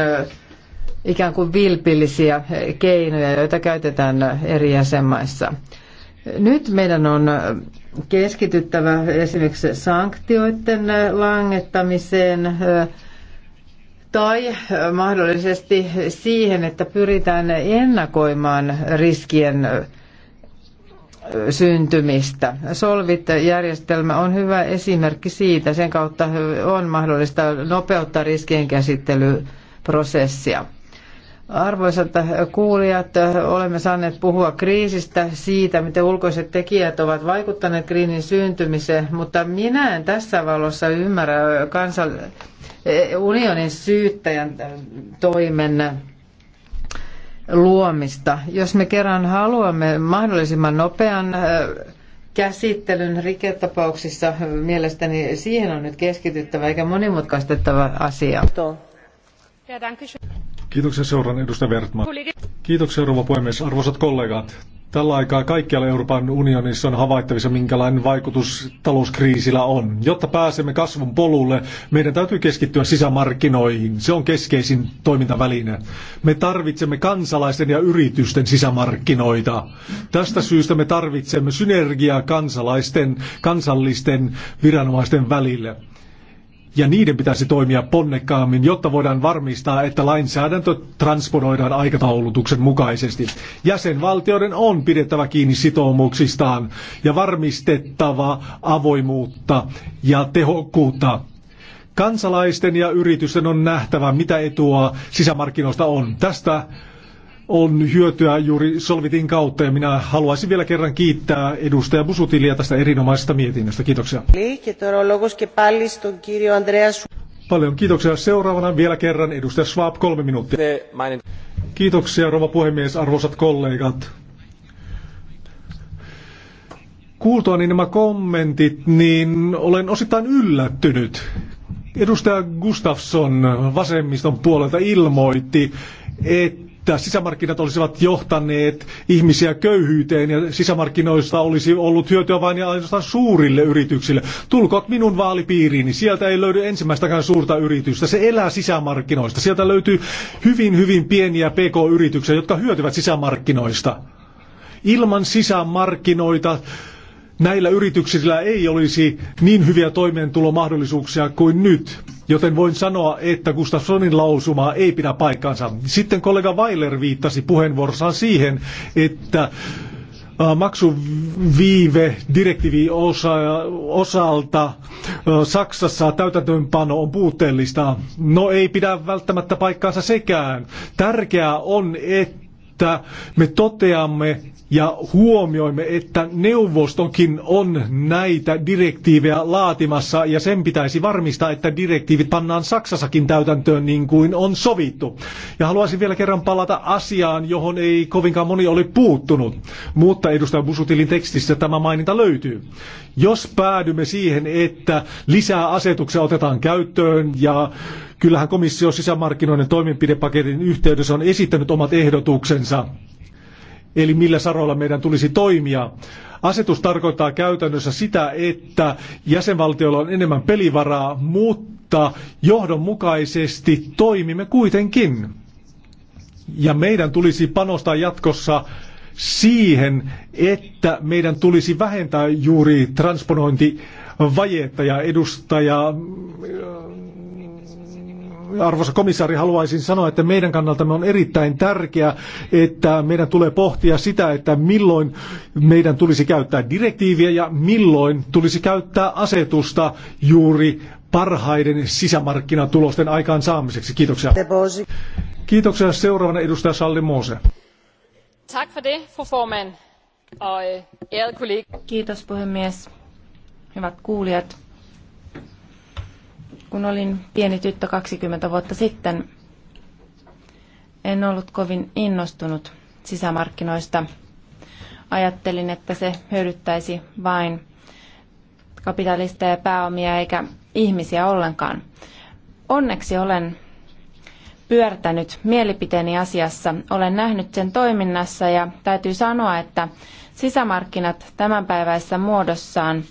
ikään kuin vilpillisiä keinoja, joita käytetään eri jäsenmaissa. Nyt meidän on keskityttävä esimerkiksi sanktioiden langettamiseen tai mahdollisesti siihen, että pyritään ennakoimaan riskien syntymistä. Solvit-järjestelmä on hyvä esimerkki siitä. Sen kautta on mahdollista nopeuttaa riskien käsittelyprosessia. Arvoisat kuulijat, olemme saaneet puhua kriisistä, siitä, miten ulkoiset tekijät ovat vaikuttaneet kriisin syntymiseen, mutta minä en tässä valossa ymmärrä kansan, unionin syyttäjän toimen luomista. Jos me kerran haluamme mahdollisimman nopean käsittelyn riketapauksissa, mielestäni siihen on nyt keskityttävä eikä monimutkaistettava asiaa. Kiitoksia seuran edustaja Vertman. Kiitoksia rouva puhemies. Arvoisat kollegat, tällä aikaa kaikkialla Euroopan unionissa on havaittavissa, minkälainen vaikutus talouskriisillä on. Jotta pääsemme kasvun polulle, meidän täytyy keskittyä sisämarkkinoihin. Se on keskeisin toimintaväline. Me tarvitsemme kansalaisten ja yritysten sisämarkkinoita. Tästä syystä me tarvitsemme synergiaa kansalaisten, kansallisten viranomaisten välille ja niiden pitäisi toimia ponnekkaammin, jotta voidaan varmistaa, että lainsäädäntö transponoidaan aikataulutuksen mukaisesti. Jäsenvaltioiden on pidettävä kiinni sitoumuksistaan ja varmistettava avoimuutta ja tehokkuutta. Kansalaisten ja yritysten on nähtävä, mitä etua sisämarkkinoista on. Tästä on hyötyä juuri Solvitin kautta ja minä haluaisin vielä kerran kiittää edustaja Busutilia tästä erinomaisesta mietinnöstä. Kiitoksia. Paljon kiitoksia. Seuraavana vielä kerran edustaja Schwab, kolme minuuttia. Kiitoksia rouva puhemies, arvoisat kollegat. Kuultuani nämä kommentit, niin olen osittain yllättynyt. Edustaja Gustafsson vasemmiston puolelta ilmoitti, että että sisämarkkinat olisivat johtaneet ihmisiä köyhyyteen ja sisämarkkinoista olisi ollut hyötyä vain ja ainoastaan suurille yrityksille. Tulkoot minun vaalipiiriini, sieltä ei löydy ensimmäistäkään suurta yritystä, se elää sisämarkkinoista. Sieltä löytyy hyvin hyvin pieniä pk-yrityksiä, jotka hyötyvät sisämarkkinoista. Ilman sisämarkkinoita näillä yrityksillä ei olisi niin hyviä toimeentulomahdollisuuksia kuin nyt. Joten voin sanoa, että Gustafssonin lausuma ei pidä paikkaansa. Sitten kollega Weiler viittasi puheenvuorossaan siihen, että maksuviive direktiivi osa, osalta Saksassa täytäntöönpano on puutteellista. No ei pidä välttämättä paikkaansa sekään. Tärkeää on, että me toteamme, ja huomioimme, että neuvostokin on näitä direktiivejä laatimassa ja sen pitäisi varmistaa, että direktiivit pannaan Saksassakin täytäntöön niin kuin on sovittu. Ja haluaisin vielä kerran palata asiaan, johon ei kovinkaan moni ole puuttunut, mutta edustaja Busutilin tekstissä tämä maininta löytyy. Jos päädymme siihen, että lisää asetuksia otetaan käyttöön ja kyllähän komissio sisämarkkinoiden toimenpidepaketin yhteydessä on esittänyt omat ehdotuksensa, eli millä saroilla meidän tulisi toimia. Asetus tarkoittaa käytännössä sitä, että jäsenvaltioilla on enemmän pelivaraa, mutta johdonmukaisesti toimimme kuitenkin. Ja meidän tulisi panostaa jatkossa siihen, että meidän tulisi vähentää juuri transponointivajetta ja edustaja arvoisa komissaari, haluaisin sanoa, että meidän kannaltamme on erittäin tärkeää, että meidän tulee pohtia sitä, että milloin meidän tulisi käyttää direktiiviä ja milloin tulisi käyttää asetusta juuri parhaiden sisämarkkinatulosten aikaansaamiseksi. Kiitoksia. Kiitoksia. Seuraavana edustaja Salli Moose. Øh, Kiitos puhemies. Hyvät kuulijat. Kun olin pieni tyttö 20 vuotta sitten, en ollut kovin innostunut sisämarkkinoista. Ajattelin, että se hyödyttäisi vain kapitalisteja ja pääomia eikä ihmisiä ollenkaan. Onneksi olen pyörtänyt mielipiteeni asiassa. Olen nähnyt sen toiminnassa ja täytyy sanoa, että sisämarkkinat tämänpäiväisessä muodossaan –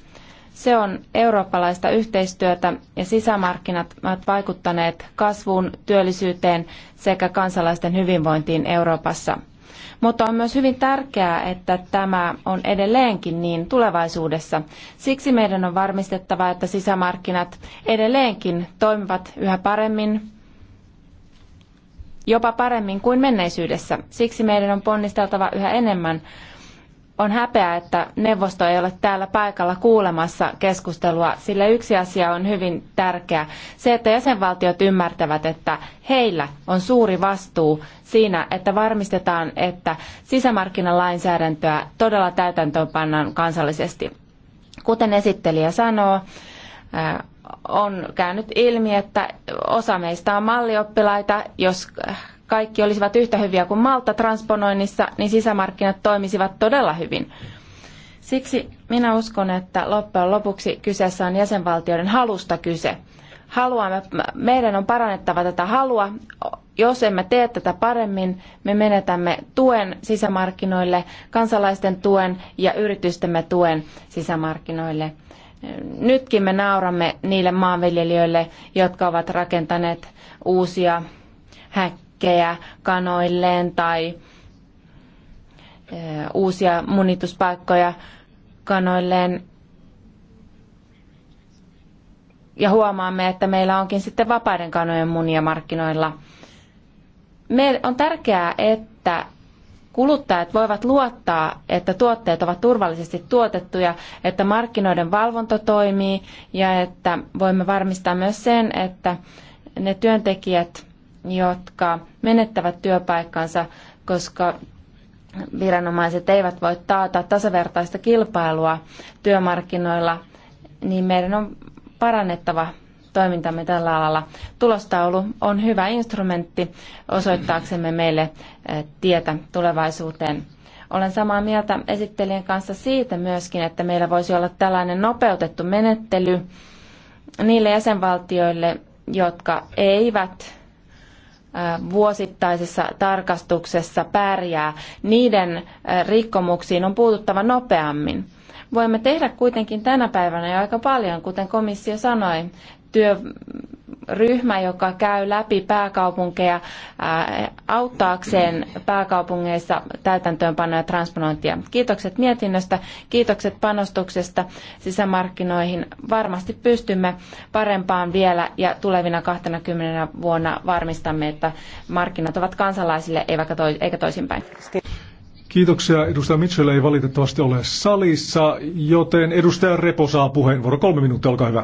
se on eurooppalaista yhteistyötä ja sisämarkkinat ovat vaikuttaneet kasvuun, työllisyyteen sekä kansalaisten hyvinvointiin Euroopassa. Mutta on myös hyvin tärkeää, että tämä on edelleenkin niin tulevaisuudessa. Siksi meidän on varmistettava, että sisämarkkinat edelleenkin toimivat yhä paremmin, jopa paremmin kuin menneisyydessä. Siksi meidän on ponnisteltava yhä enemmän on häpeä, että neuvosto ei ole täällä paikalla kuulemassa keskustelua, sillä yksi asia on hyvin tärkeä. Se, että jäsenvaltiot ymmärtävät, että heillä on suuri vastuu siinä, että varmistetaan, että sisämarkkinalainsäädäntöä todella täytäntöönpannaan kansallisesti. Kuten esittelijä sanoo, äh, on käynyt ilmi, että osa meistä on mallioppilaita, jos kaikki olisivat yhtä hyviä kuin Malta transponoinnissa, niin sisämarkkinat toimisivat todella hyvin. Siksi minä uskon, että loppujen lopuksi kyseessä on jäsenvaltioiden halusta kyse. Haluamme, meidän on parannettava tätä halua. Jos emme tee tätä paremmin, me menetämme tuen sisämarkkinoille, kansalaisten tuen ja yritystemme tuen sisämarkkinoille. Nytkin me nauramme niille maanviljelijöille, jotka ovat rakentaneet uusia häkkejä merkkejä kanoilleen tai uusia munituspaikkoja kanoilleen. Ja huomaamme, että meillä onkin sitten vapaiden kanojen munia markkinoilla. Me on tärkeää, että kuluttajat voivat luottaa, että tuotteet ovat turvallisesti tuotettuja, että markkinoiden valvonta toimii ja että voimme varmistaa myös sen, että ne työntekijät, jotka menettävät työpaikkansa, koska viranomaiset eivät voi taata tasavertaista kilpailua työmarkkinoilla, niin meidän on parannettava toimintamme tällä alalla. Tulostaulu on hyvä instrumentti osoittaaksemme meille eh, tietä tulevaisuuteen. Olen samaa mieltä esittelijän kanssa siitä myöskin, että meillä voisi olla tällainen nopeutettu menettely niille jäsenvaltioille, jotka eivät vuosittaisessa tarkastuksessa pärjää, niiden rikkomuksiin on puututtava nopeammin. Voimme tehdä kuitenkin tänä päivänä jo aika paljon, kuten komissio sanoi, työ, ryhmä, joka käy läpi pääkaupunkeja auttaakseen pääkaupungeissa täytäntöönpanoa ja transponointia. Kiitokset mietinnöstä, kiitokset panostuksesta sisämarkkinoihin. Varmasti pystymme parempaan vielä ja tulevina 20 vuonna varmistamme, että markkinat ovat kansalaisille eikä toisinpäin. Kiitoksia. Edustaja Mitchell ei valitettavasti ole salissa, joten edustaja Repo saa puheenvuoro. Kolme minuuttia, olkaa hyvä.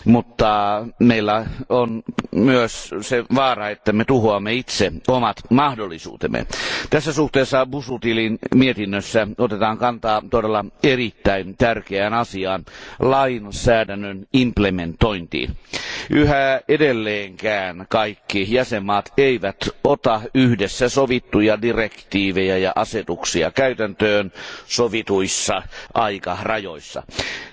mutta meillä on myös se vaara, että me tuhoamme itse omat mahdollisuutemme. Tässä suhteessa Busutilin mietinnössä otetaan kantaa todella erittäin tärkeään asiaan, lainsäädännön implementointiin. Yhä edelleenkään kaikki jäsenmaat eivät ota yhdessä sovittuja direktiivejä ja asetuksia käytäntöön sovituissa aikarajoissa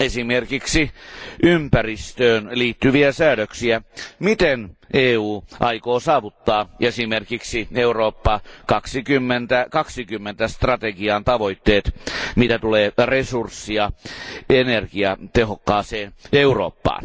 esimerkiksi ympäristöön liittyviä säädöksiä miten eu aikoo saavuttaa esimerkiksi eurooppa kaksituhatta kaksikymmentä strategian tavoitteet mitä tulee resurssi ja energiatehokkaaseen eurooppaan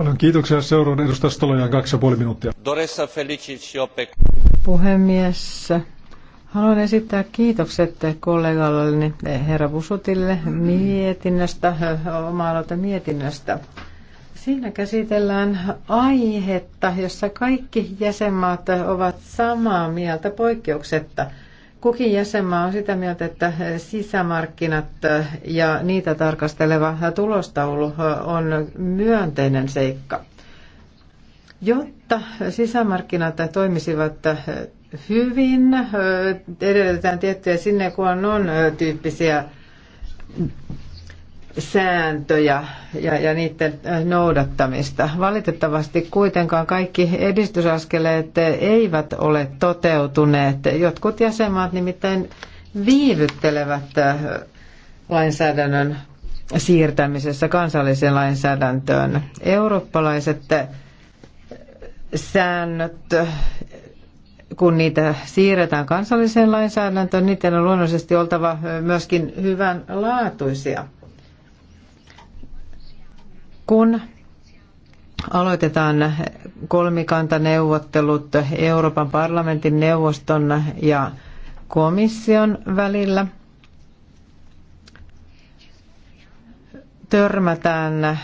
Paljon kiitoksia. Seuraan edustaja kaksi ja puoli minuuttia. Puhemies, haluan esittää kiitokset kollegalleni herra Busutille mietinnöstä, oma mietinnöstä. Siinä käsitellään aihetta, jossa kaikki jäsenmaat ovat samaa mieltä poikkeuksetta – Kukin jäsenmaa on sitä mieltä, että sisämarkkinat ja niitä tarkasteleva tulostaulu on myönteinen seikka. Jotta sisämarkkinat toimisivat hyvin, edellytetään tiettyjä sinne kun on tyyppisiä sääntöjä ja, ja niiden noudattamista. Valitettavasti kuitenkaan kaikki edistysaskeleet eivät ole toteutuneet. Jotkut jäsenmaat nimittäin viivyttelevät äh, lainsäädännön siirtämisessä kansalliseen lainsäädäntöön. Eurooppalaiset äh, säännöt, äh, kun niitä siirretään kansalliseen lainsäädäntöön, niiden on luonnollisesti oltava myöskin hyvän laatuisia. Kun aloitetaan kolmikantaneuvottelut Euroopan parlamentin neuvoston ja komission välillä, törmätään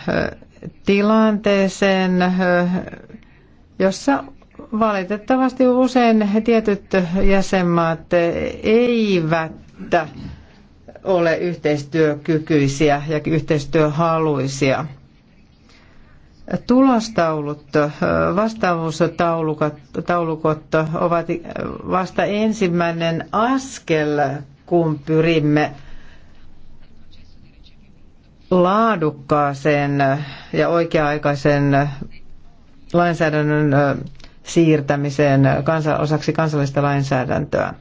tilanteeseen, jossa valitettavasti usein tietyt jäsenmaat eivät ole yhteistyökykyisiä ja yhteistyöhaluisia. Tulostaulut, vastaavuustaulukot ovat vasta ensimmäinen askel, kun pyrimme laadukkaaseen ja oikea-aikaisen lainsäädännön siirtämiseen osaksi kansallista lainsäädäntöä.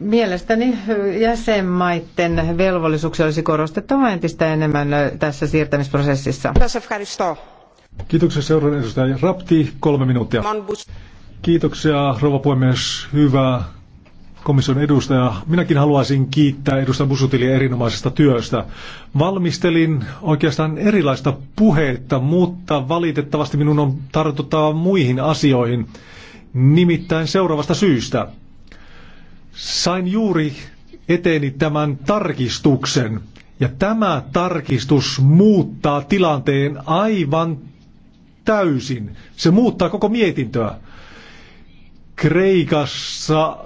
Mielestäni jäsenmaiden velvollisuuksia olisi korostettava entistä enemmän tässä siirtämisprosessissa. Kiitoksia seuraavan edustaja Rapti, kolme minuuttia. Kiitoksia rouva puhemies, hyvä komission edustaja. Minäkin haluaisin kiittää edustaja Busutilia erinomaisesta työstä. Valmistelin oikeastaan erilaista puhetta, mutta valitettavasti minun on tartuttava muihin asioihin, nimittäin seuraavasta syystä – Sain juuri eteeni tämän tarkistuksen. Ja tämä tarkistus muuttaa tilanteen aivan täysin. Se muuttaa koko mietintöä. Kreikassa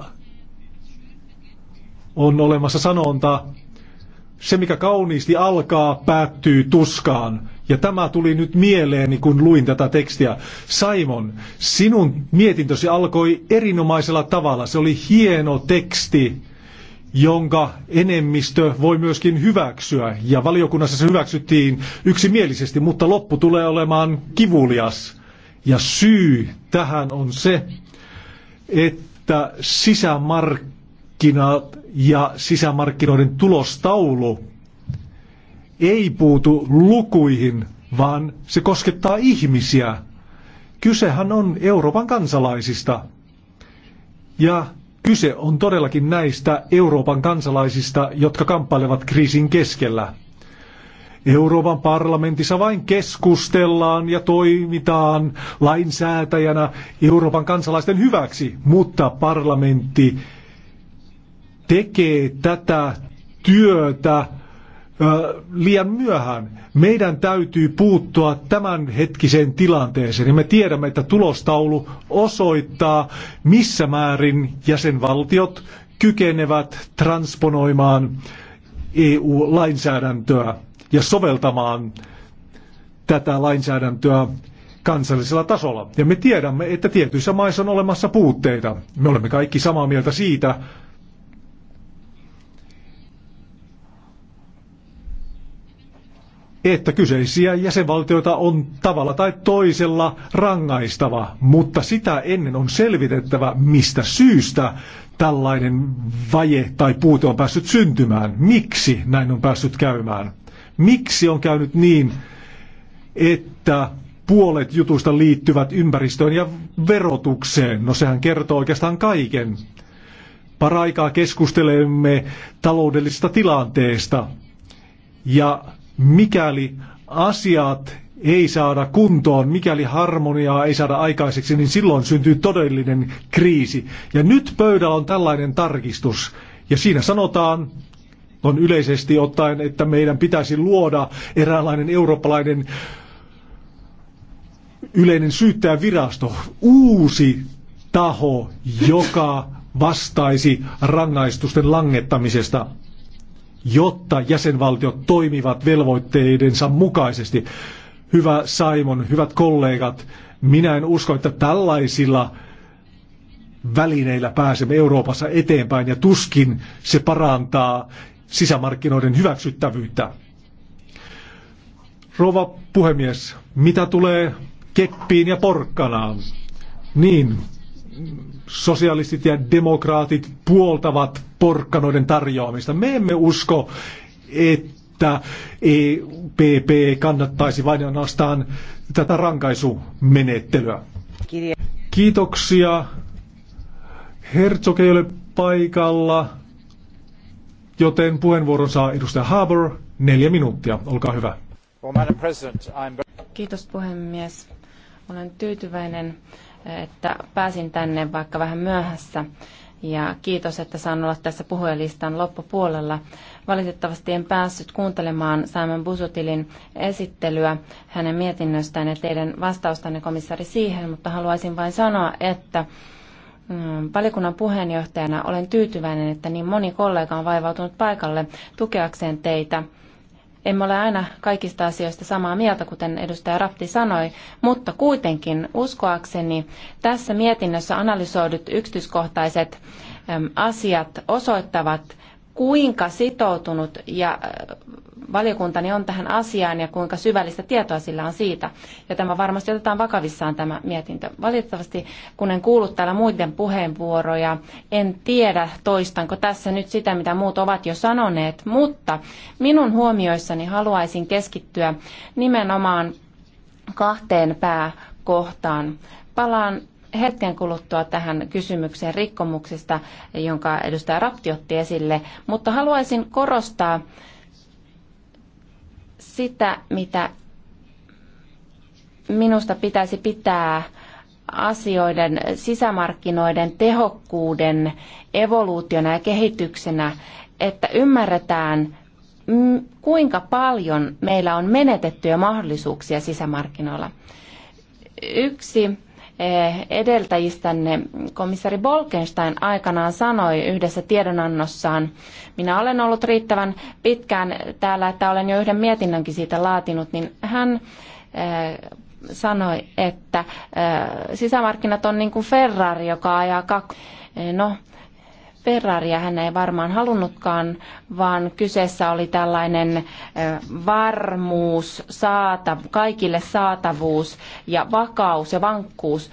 on olemassa sanonta, se mikä kauniisti alkaa, päättyy tuskaan. Ja tämä tuli nyt mieleeni, kun luin tätä tekstiä. Simon, sinun mietintösi alkoi erinomaisella tavalla. Se oli hieno teksti, jonka enemmistö voi myöskin hyväksyä. Ja valiokunnassa se hyväksyttiin yksimielisesti, mutta loppu tulee olemaan kivulias. Ja syy tähän on se, että sisämarkkinat ja sisämarkkinoiden tulostaulu ei puutu lukuihin, vaan se koskettaa ihmisiä. Kysehän on Euroopan kansalaisista. Ja kyse on todellakin näistä Euroopan kansalaisista, jotka kamppailevat kriisin keskellä. Euroopan parlamentissa vain keskustellaan ja toimitaan lainsäätäjänä Euroopan kansalaisten hyväksi, mutta parlamentti tekee tätä työtä liian myöhään. Meidän täytyy puuttua tämän hetkiseen tilanteeseen. Ja me tiedämme, että tulostaulu osoittaa, missä määrin jäsenvaltiot kykenevät transponoimaan EU-lainsäädäntöä ja soveltamaan tätä lainsäädäntöä kansallisella tasolla. Ja me tiedämme, että tietyissä maissa on olemassa puutteita. Me olemme kaikki samaa mieltä siitä, että kyseisiä jäsenvaltioita on tavalla tai toisella rangaistava, mutta sitä ennen on selvitettävä, mistä syystä tällainen vaje tai puute on päässyt syntymään. Miksi näin on päässyt käymään? Miksi on käynyt niin, että puolet jutuista liittyvät ympäristöön ja verotukseen? No sehän kertoo oikeastaan kaiken. Paraikaa keskustelemme taloudellisesta tilanteesta ja mikäli asiat ei saada kuntoon, mikäli harmoniaa ei saada aikaiseksi, niin silloin syntyy todellinen kriisi. Ja nyt pöydällä on tällainen tarkistus, ja siinä sanotaan, on yleisesti ottaen, että meidän pitäisi luoda eräänlainen eurooppalainen yleinen syyttäjävirasto, uusi taho, joka vastaisi rangaistusten langettamisesta jotta jäsenvaltiot toimivat velvoitteidensa mukaisesti. Hyvä Simon, hyvät kollegat, minä en usko, että tällaisilla välineillä pääsemme Euroopassa eteenpäin ja tuskin se parantaa sisämarkkinoiden hyväksyttävyyttä. Rova puhemies, mitä tulee keppiin ja porkkanaan? Niin, sosialistit ja demokraatit puoltavat porkkanoiden tarjoamista. Me emme usko, että EPP kannattaisi vain ainoastaan tätä rankaisumenettelyä. Kirja. Kiitoksia. Herzog ei ole paikalla, joten puheenvuoron saa edustaja Haber. Neljä minuuttia, olkaa hyvä. Kiitos puhemies. Olen tyytyväinen, että pääsin tänne vaikka vähän myöhässä ja kiitos, että saan olla tässä puhujalistan loppupuolella. Valitettavasti en päässyt kuuntelemaan Simon Busutilin esittelyä hänen mietinnöstään ja teidän vastaustanne komissaari, siihen, mutta haluaisin vain sanoa, että mm, Valiokunnan puheenjohtajana olen tyytyväinen, että niin moni kollega on vaivautunut paikalle tukeakseen teitä emme ole aina kaikista asioista samaa mieltä, kuten edustaja Rapti sanoi, mutta kuitenkin uskoakseni tässä mietinnössä analysoidut yksityiskohtaiset asiat osoittavat, kuinka sitoutunut ja äh, valiokuntani on tähän asiaan ja kuinka syvällistä tietoa sillä on siitä. Ja tämä varmasti otetaan vakavissaan tämä mietintö. Valitettavasti kun en kuullut täällä muiden puheenvuoroja, en tiedä toistanko tässä nyt sitä, mitä muut ovat jo sanoneet, mutta minun huomioissani haluaisin keskittyä nimenomaan kahteen pääkohtaan. Palaan hetken kuluttua tähän kysymykseen rikkomuksista, jonka edustaja Rapti otti esille, mutta haluaisin korostaa sitä, mitä minusta pitäisi pitää asioiden sisämarkkinoiden tehokkuuden evoluutiona ja kehityksenä, että ymmärretään, kuinka paljon meillä on menetettyjä mahdollisuuksia sisämarkkinoilla. Yksi Eh, edeltäjistänne, komissari Bolkenstein aikanaan sanoi yhdessä tiedonannossaan, minä olen ollut riittävän pitkään täällä, että olen jo yhden mietinnönkin siitä laatinut, niin hän eh, sanoi, että eh, sisämarkkinat on niin kuin Ferrari, joka ajaa kakku. No, Ferraria hän ei varmaan halunnutkaan, vaan kyseessä oli tällainen varmuus, saata, kaikille saatavuus ja vakaus ja vankkuus.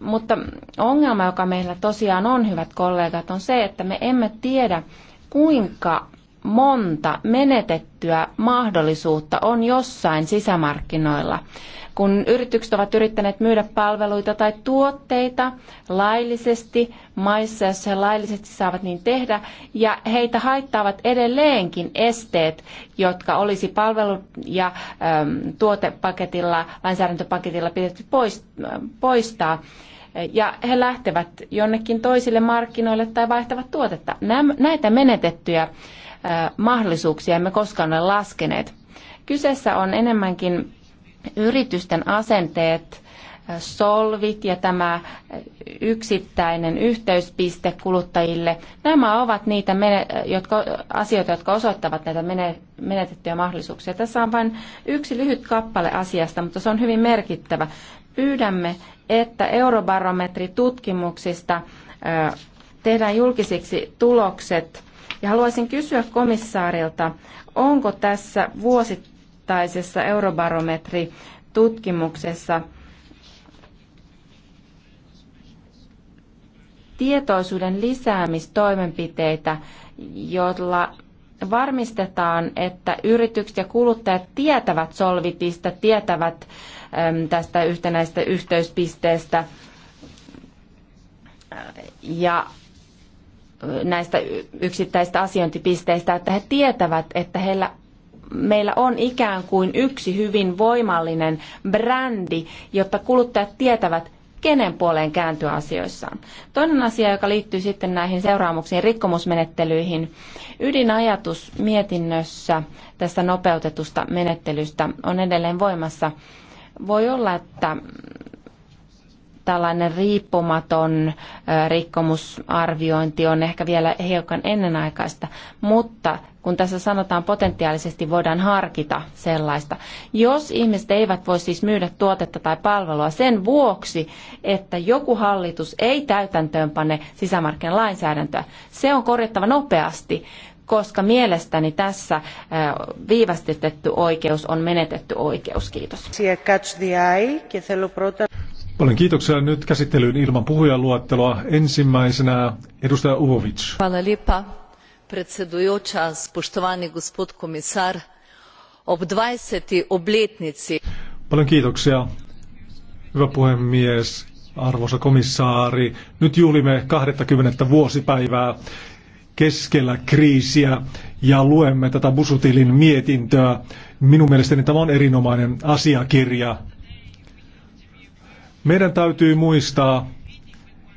Mutta ongelma, joka meillä tosiaan on, hyvät kollegat, on se, että me emme tiedä, kuinka monta menetettyä mahdollisuutta on jossain sisämarkkinoilla. Kun yritykset ovat yrittäneet myydä palveluita tai tuotteita laillisesti maissa, joissa he laillisesti saavat niin tehdä, ja heitä haittaavat edelleenkin esteet, jotka olisi palvelu- ja äm, tuotepaketilla, lainsäädäntöpaketilla pidetty poistaa ja he lähtevät jonnekin toisille markkinoille tai vaihtavat tuotetta. Näitä menetettyjä mahdollisuuksia emme koskaan ole laskeneet. Kyseessä on enemmänkin yritysten asenteet, solvit ja tämä yksittäinen yhteyspiste kuluttajille. Nämä ovat niitä jotka, asioita, jotka osoittavat näitä menetettyjä mahdollisuuksia. Tässä on vain yksi lyhyt kappale asiasta, mutta se on hyvin merkittävä. Pyydämme, että eurobarometritutkimuksista tehdään julkisiksi tulokset ja haluaisin kysyä komissaarilta, onko tässä vuosittaisessa eurobarometritutkimuksessa tietoisuuden lisäämistoimenpiteitä, joilla varmistetaan, että yritykset ja kuluttajat tietävät solvitista, tietävät tästä yhtenäistä yhteyspisteestä ja näistä yksittäistä asiointipisteistä, että he tietävät, että heillä meillä on ikään kuin yksi hyvin voimallinen brändi, jotta kuluttajat tietävät, kenen puoleen kääntyä asioissaan. Toinen asia, joka liittyy sitten näihin seuraamuksiin rikkomusmenettelyihin. Ydinajatus mietinnössä tästä nopeutetusta menettelystä on edelleen voimassa. Voi olla, että tällainen riippumaton rikkomusarviointi on ehkä vielä hiukan ennenaikaista, mutta kun tässä sanotaan potentiaalisesti voidaan harkita sellaista. Jos ihmiset eivät voi siis myydä tuotetta tai palvelua sen vuoksi, että joku hallitus ei täytäntöönpane lainsäädäntöä, se on korjattava nopeasti, koska mielestäni tässä viivästytetty oikeus on menetetty oikeus. Kiitos. Paljon kiitoksia nyt käsittelyyn ilman puhujan luettelua. Ensimmäisenä edustaja Uvovic. Hvala lipa, predsedujoča, spoštovani gospod komisar. Ob 20. obletnici. Paljon kiitoksia, hyvä puhemies, arvoisa komissaari. Nyt juhlimme 20. vuosipäivää keskellä kriisiä ja luemme tätä Busutilin mietintöä. Minun mielestäni tämä on erinomainen asiakirja meidän täytyy muistaa,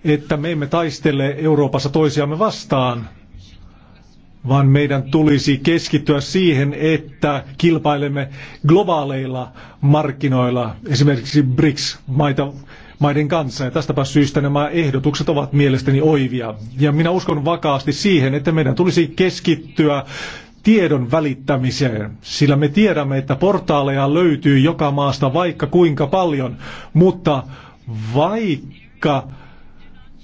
että me emme taistele Euroopassa toisiamme vastaan, vaan meidän tulisi keskittyä siihen, että kilpailemme globaaleilla markkinoilla, esimerkiksi BRICS-maita maiden kanssa. Ja tästäpä syystä nämä ehdotukset ovat mielestäni oivia. Ja minä uskon vakaasti siihen, että meidän tulisi keskittyä tiedon välittämiseen, sillä me tiedämme, että portaaleja löytyy joka maasta vaikka kuinka paljon, mutta vaikka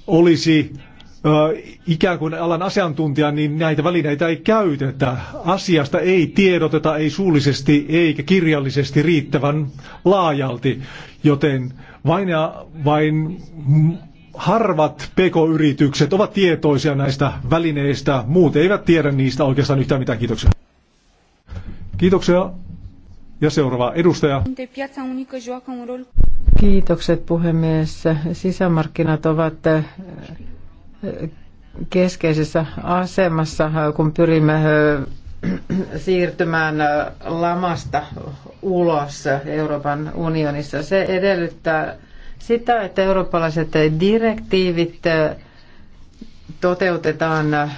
olisi ikään kuin alan asiantuntija, niin näitä välineitä ei käytetä. Asiasta ei tiedoteta, ei suullisesti eikä kirjallisesti riittävän laajalti, joten vain, ja vain harvat PK-yritykset ovat tietoisia näistä välineistä, muut eivät tiedä niistä oikeastaan yhtään mitään. Kiitoksia. Kiitoksia. Ja seuraava edustaja. Kiitokset puhemies. Sisämarkkinat ovat äh, keskeisessä asemassa, äh, kun pyrimme äh, siirtymään lamasta ulos Euroopan unionissa. Se edellyttää sitä, että eurooppalaiset direktiivit äh, toteutetaan äh,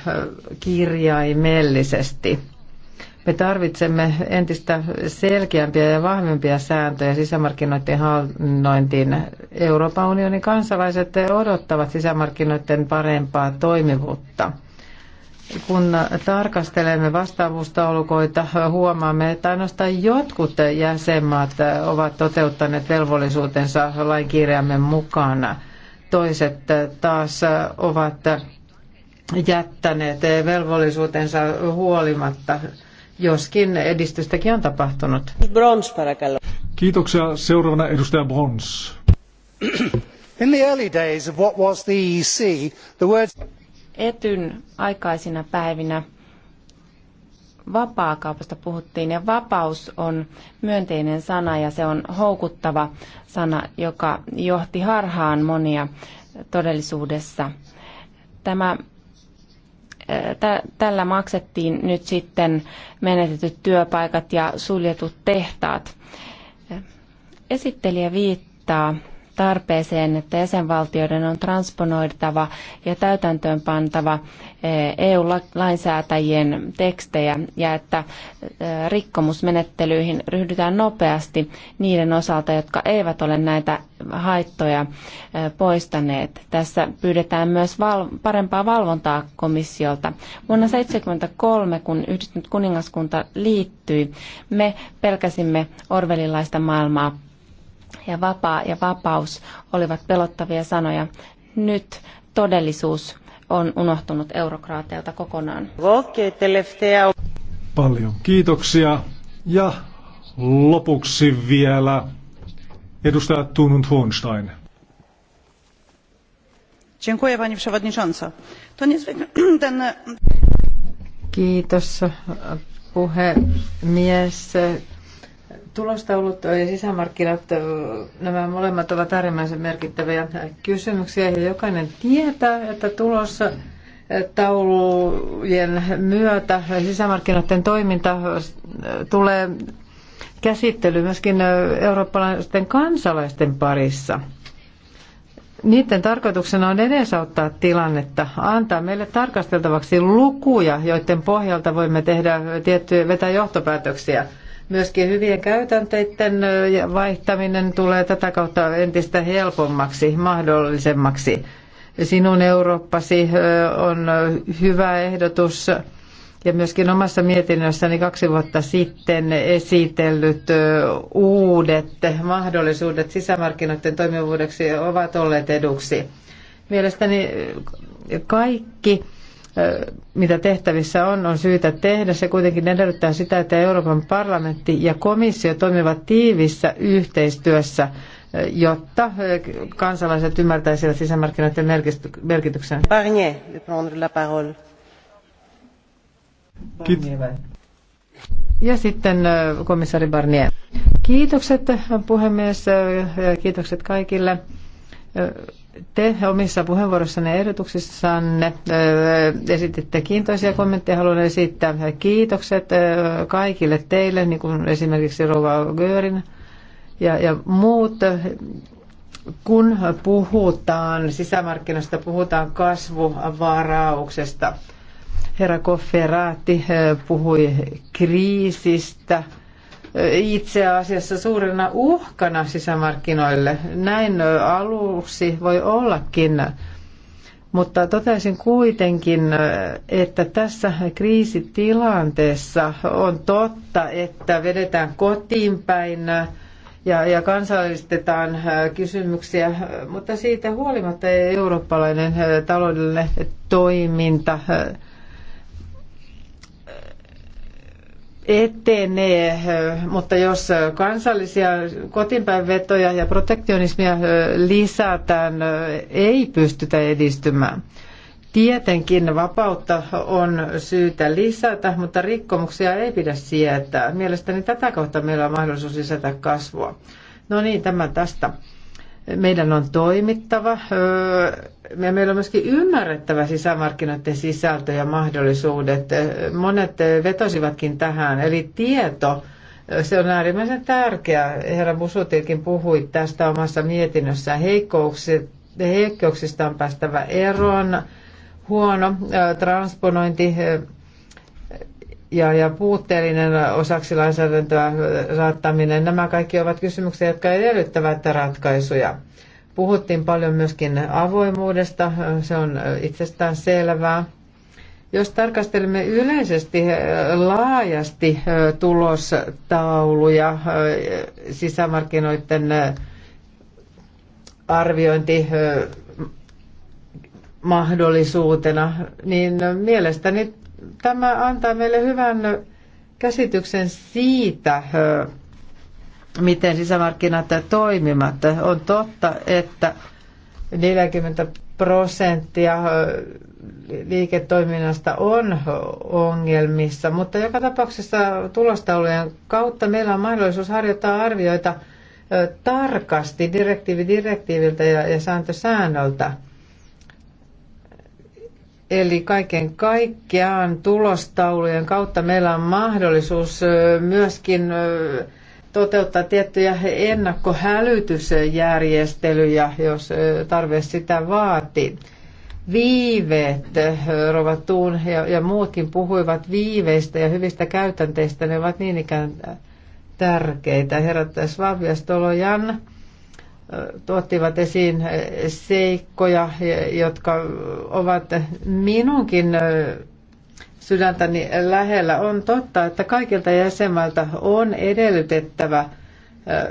kirjaimellisesti. Me tarvitsemme entistä selkeämpiä ja vahvempia sääntöjä sisämarkkinoiden hallinnointiin. Euroopan unionin kansalaiset odottavat sisämarkkinoiden parempaa toimivuutta kun tarkastelemme vastaavuustaulukoita, huomaamme, että ainoastaan jotkut jäsenmaat ovat toteuttaneet velvollisuutensa lainkirjamme mukana. Toiset taas ovat jättäneet velvollisuutensa huolimatta, joskin edistystäkin on tapahtunut. Brons, Kiitoksia. Seuraavana edustaja Brons. In the early days of what was the EEC, the words... Etyn aikaisina päivinä vapaakaupasta puhuttiin ja vapaus on myönteinen sana ja se on houkuttava sana, joka johti harhaan monia todellisuudessa. Tämä, tä, tällä maksettiin nyt sitten menetetyt työpaikat ja suljetut tehtaat. Esittelijä viittaa tarpeeseen, että jäsenvaltioiden on transponoitava ja täytäntöönpantava eh, EU-lainsäätäjien tekstejä ja että eh, rikkomusmenettelyihin ryhdytään nopeasti niiden osalta, jotka eivät ole näitä haittoja eh, poistaneet. Tässä pyydetään myös val- parempaa valvontaa komissiolta. Vuonna 1973, kun yhdistynyt kuningaskunta liittyi, me pelkäsimme orvelilaista maailmaa ja vapaa ja vapaus olivat pelottavia sanoja. Nyt todellisuus on unohtunut eurokraateilta kokonaan. Paljon kiitoksia. Ja lopuksi vielä edustaja Tunund Hornstein. Dziękuję pani przewodnicząca. To niezwykle *clears throat* ten... Kiitos puhemies. Tulostaulut ja sisämarkkinat, nämä molemmat ovat äärimmäisen merkittäviä kysymyksiä ja jokainen tietää, että tulossa taulujen myötä sisämarkkinoiden toiminta tulee käsittely myöskin eurooppalaisten kansalaisten parissa. Niiden tarkoituksena on edesauttaa tilannetta, antaa meille tarkasteltavaksi lukuja, joiden pohjalta voimme tehdä tiettyjä, vetää johtopäätöksiä – Myöskin hyvien käytänteiden vaihtaminen tulee tätä kautta entistä helpommaksi, mahdollisemmaksi. Sinun Eurooppasi on hyvä ehdotus ja myöskin omassa mietinnössäni kaksi vuotta sitten esitellyt uudet mahdollisuudet sisämarkkinoiden toimivuudeksi ovat olleet eduksi. Mielestäni kaikki mitä tehtävissä on, on syytä tehdä. Se kuitenkin edellyttää sitä, että Euroopan parlamentti ja komissio toimivat tiivissä yhteistyössä, jotta kansalaiset ymmärtäisivät sisämarkkinoiden merkityksen. Barnier, Ja sitten komissaari Barnier. Kiitokset puhemies ja kiitokset kaikille te omissa puheenvuorossanne ehdotuksissanne esititte kiintoisia kommentteja. Haluan esittää kiitokset kaikille teille, niin kuin esimerkiksi Rova Görin ja, ja muut. Kun puhutaan sisämarkkinoista, puhutaan kasvuvarauksesta. Herra Kofferaatti puhui kriisistä – itse asiassa suurena uhkana sisämarkkinoille. Näin aluksi voi ollakin, mutta totesin kuitenkin, että tässä kriisitilanteessa on totta, että vedetään kotiin päin ja, ja kansallistetaan kysymyksiä, mutta siitä huolimatta eurooppalainen taloudellinen toiminta etenee, mutta jos kansallisia kotiinpäinvetoja ja protektionismia lisätään, ei pystytä edistymään. Tietenkin vapautta on syytä lisätä, mutta rikkomuksia ei pidä sietää. Mielestäni tätä kautta meillä on mahdollisuus lisätä kasvua. No niin, tämä tästä. Meidän on toimittava ja meillä on myöskin ymmärrettävä sisämarkkinoiden sisältö ja mahdollisuudet. Monet vetosivatkin tähän, eli tieto, se on äärimmäisen tärkeää. Herra Busutilkin puhui tästä omassa mietinnössään. Heikkouksista on päästävä eroon. Huono transponointi ja, ja puutteellinen osaksi lainsäädäntöä saattaminen. Nämä kaikki ovat kysymyksiä, jotka edellyttävät ratkaisuja. Puhuttiin paljon myöskin avoimuudesta, se on itsestään selvää. Jos tarkastelemme yleisesti eh, laajasti eh, tulostauluja, eh, sisämarkkinoiden arviointi mahdollisuutena, niin mielestäni tämä antaa meille hyvän käsityksen siitä, miten sisämarkkinat toimivat. On totta, että 40 prosenttia liiketoiminnasta on ongelmissa, mutta joka tapauksessa tulostaulujen kautta meillä on mahdollisuus harjoittaa arvioita tarkasti direktiivi direktiiviltä ja, ja sääntö säännöltä. Eli kaiken kaikkiaan tulostaulujen kautta meillä on mahdollisuus myöskin toteuttaa tiettyjä ennakkohälytysjärjestelyjä, jos tarve sitä vaatii. Viiveet, Rova Tuun ja, ja muutkin puhuivat viiveistä ja hyvistä käytänteistä, ne ovat niin ikään tärkeitä. Herrat Svav ja Stolojan tuottivat esiin seikkoja, e, jotka ovat minunkin sydäntäni lähellä. On totta, että kaikilta jäsenmailta on edellytettävä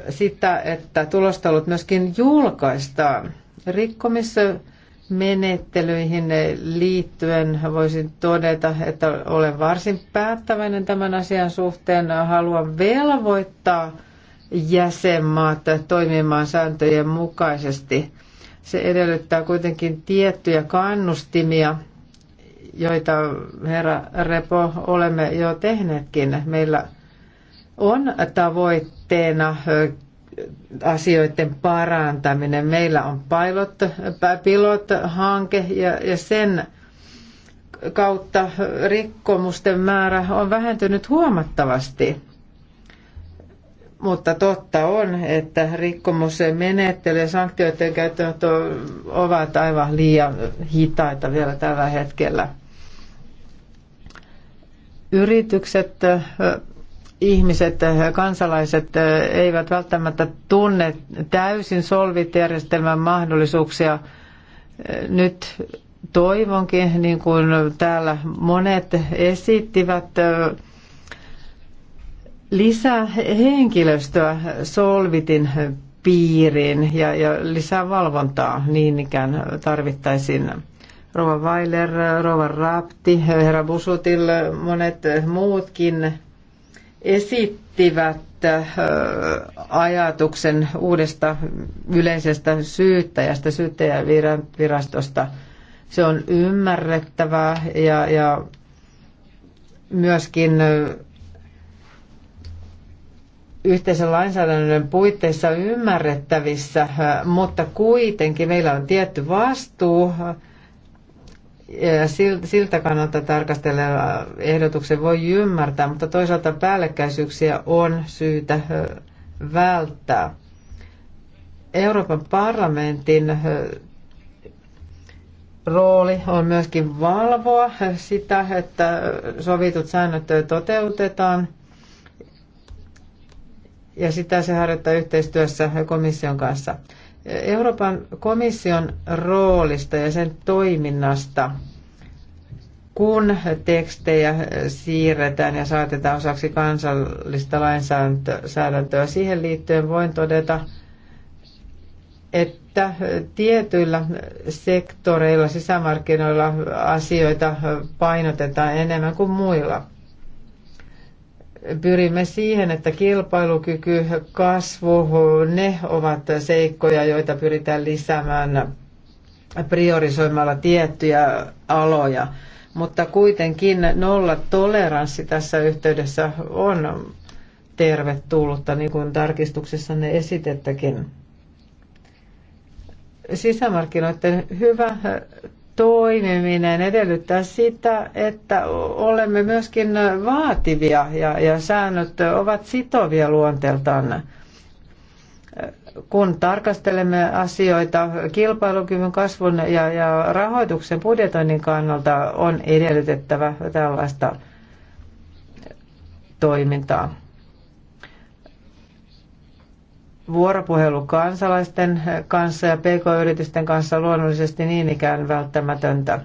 sitä, että tulostelut myöskin julkaistaan. Rikkomismenettelyihin liittyen voisin todeta, että olen varsin päättäväinen tämän asian suhteen. Haluan velvoittaa jäsenmaat toimimaan sääntöjen mukaisesti. Se edellyttää kuitenkin tiettyjä kannustimia – joita herra Repo olemme jo tehneetkin. Meillä on tavoitteena asioiden parantaminen. Meillä on pilot, hanke ja, ja sen kautta rikkomusten määrä on vähentynyt huomattavasti. Mutta totta on, että rikkomusmenettely ja sanktioiden käyttöönotto ovat aivan liian hitaita vielä tällä hetkellä. Yritykset, ihmiset, kansalaiset eivät välttämättä tunne täysin solvit-järjestelmän mahdollisuuksia. Nyt toivonkin, niin kuin täällä monet esittivät, lisää henkilöstöä Solvitin piiriin ja, ja lisää valvontaa niin ikään tarvittaisiin. Rova Weiler, Rova Rapti, herra Busutil, monet muutkin esittivät äh, ajatuksen uudesta yleisestä syyttäjästä, syyttäjävirastosta. Se on ymmärrettävää ja, ja myöskin yhteisen lainsäädännön puitteissa ymmärrettävissä, mutta kuitenkin meillä on tietty vastuu siltä kannalta tarkastellen ehdotuksen voi ymmärtää, mutta toisaalta päällekkäisyyksiä on syytä välttää. Euroopan parlamentin rooli on myöskin valvoa sitä, että sovitut säännöt toteutetaan – ja sitä se harjoittaa yhteistyössä komission kanssa. Euroopan komission roolista ja sen toiminnasta, kun tekstejä siirretään ja saatetaan osaksi kansallista lainsäädäntöä. Siihen liittyen voin todeta, että tietyillä sektoreilla, sisämarkkinoilla asioita painotetaan enemmän kuin muilla – pyrimme siihen, että kilpailukyky, kasvu, ne ovat seikkoja, joita pyritään lisäämään priorisoimalla tiettyjä aloja. Mutta kuitenkin nolla toleranssi tässä yhteydessä on tervetullutta, niin kuin tarkistuksessanne esitettäkin. Sisämarkkinoiden hyvä toimiminen edellyttää sitä, että olemme myöskin vaativia ja, ja säännöt ovat sitovia luonteeltaan. Kun tarkastelemme asioita kilpailukyvyn kasvun ja, ja rahoituksen budjetoinnin kannalta, on edellytettävä tällaista toimintaa vuoropuhelu kansalaisten kanssa ja pk-yritysten kanssa luonnollisesti niin ikään välttämätöntä.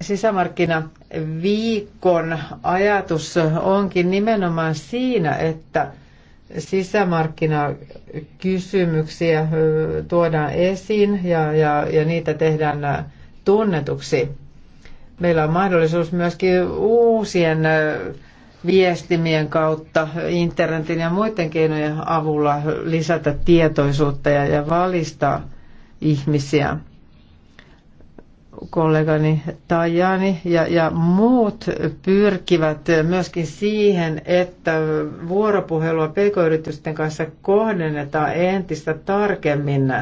Sisämarkkinaviikon ajatus onkin nimenomaan siinä, että sisämarkkinakysymyksiä tuodaan esiin ja, ja, ja niitä tehdään tunnetuksi. Meillä on mahdollisuus myöskin uusien viestimien kautta, internetin ja muiden keinojen avulla lisätä tietoisuutta ja, ja valistaa ihmisiä. Kollegani Tajani ja, ja muut pyrkivät myöskin siihen, että vuoropuhelua pk-yritysten kanssa kohdennetaan entistä tarkemmin.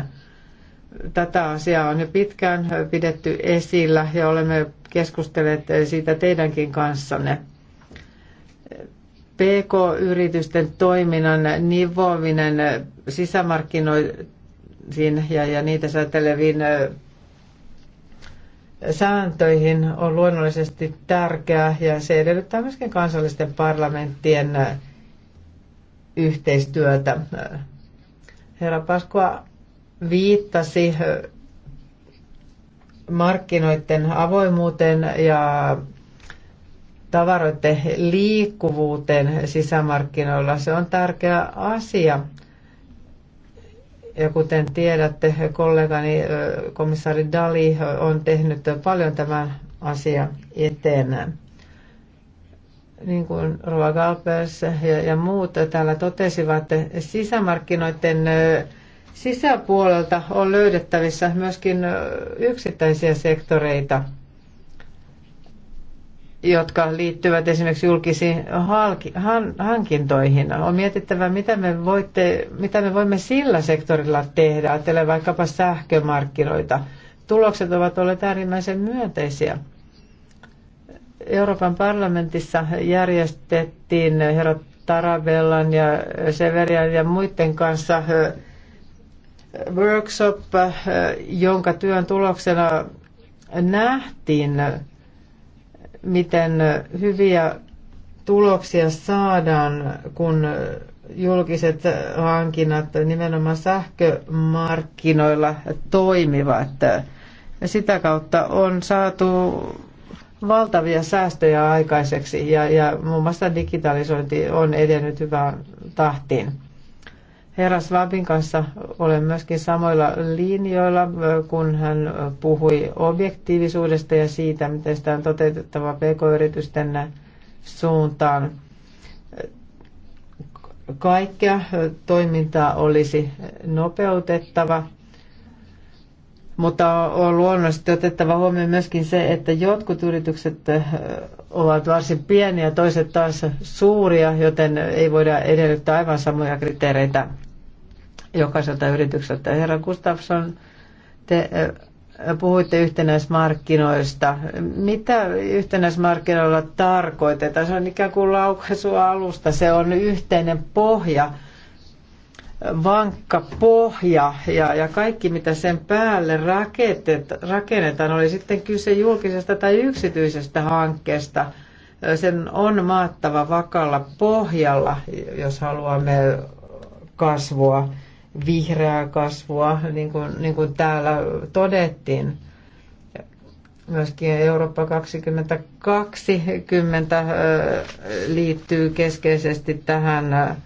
Tätä asiaa on jo pitkään pidetty esillä ja olemme keskustelleet siitä teidänkin kanssanne PK-yritysten toiminnan nivoaminen sisämarkkinoihin ja, ja niitä sääteleviin sääntöihin on luonnollisesti tärkeää ja se edellyttää myöskin kansallisten parlamenttien yhteistyötä. Herra Paskua viittasi markkinoiden avoimuuteen ja tavaroiden liikkuvuuteen sisämarkkinoilla. Se on tärkeä asia. Ja kuten tiedätte, kollegani komissaari Dali on tehnyt paljon tämän asian eteen. Niin kuin Rova Galpers ja, muut täällä totesivat, sisämarkkinoiden sisäpuolelta on löydettävissä myöskin yksittäisiä sektoreita – jotka liittyvät esimerkiksi julkisiin hankintoihin. On mietittävä, mitä me, voitte, mitä me voimme sillä sektorilla tehdä. Ajattelen vaikkapa sähkömarkkinoita. Tulokset ovat olleet äärimmäisen myönteisiä. Euroopan parlamentissa järjestettiin herra Tarabellan ja Severian ja muiden kanssa workshop, jonka työn tuloksena nähtiin miten hyviä tuloksia saadaan, kun julkiset hankinnat nimenomaan sähkömarkkinoilla toimivat. Ja Sitä kautta on saatu valtavia säästöjä aikaiseksi ja, ja muun muassa digitalisointi on edennyt hyvään tahtiin. Herra Svabin kanssa olen myöskin samoilla linjoilla, kun hän puhui objektiivisuudesta ja siitä, miten sitä on toteutettava pk-yritysten suuntaan. Kaikkea toimintaa olisi nopeutettava, mutta on luonnollisesti otettava huomioon myöskin se, että jotkut yritykset ovat varsin pieniä, toiset taas suuria, joten ei voida edellyttää aivan samoja kriteereitä jokaiselta yritykseltä. Herra Gustafsson, te puhuitte yhtenäismarkkinoista. Mitä yhtenäismarkkinoilla tarkoitetaan? Se on ikään kuin alusta. Se on yhteinen pohja, vankka pohja ja, ja kaikki mitä sen päälle rakennetaan, oli sitten kyse julkisesta tai yksityisestä hankkeesta. Sen on maattava vakalla pohjalla, jos haluamme kasvua vihreää kasvua, niin kuin, niin kuin täällä todettiin. Myöskin Eurooppa 2020 liittyy keskeisesti tähän,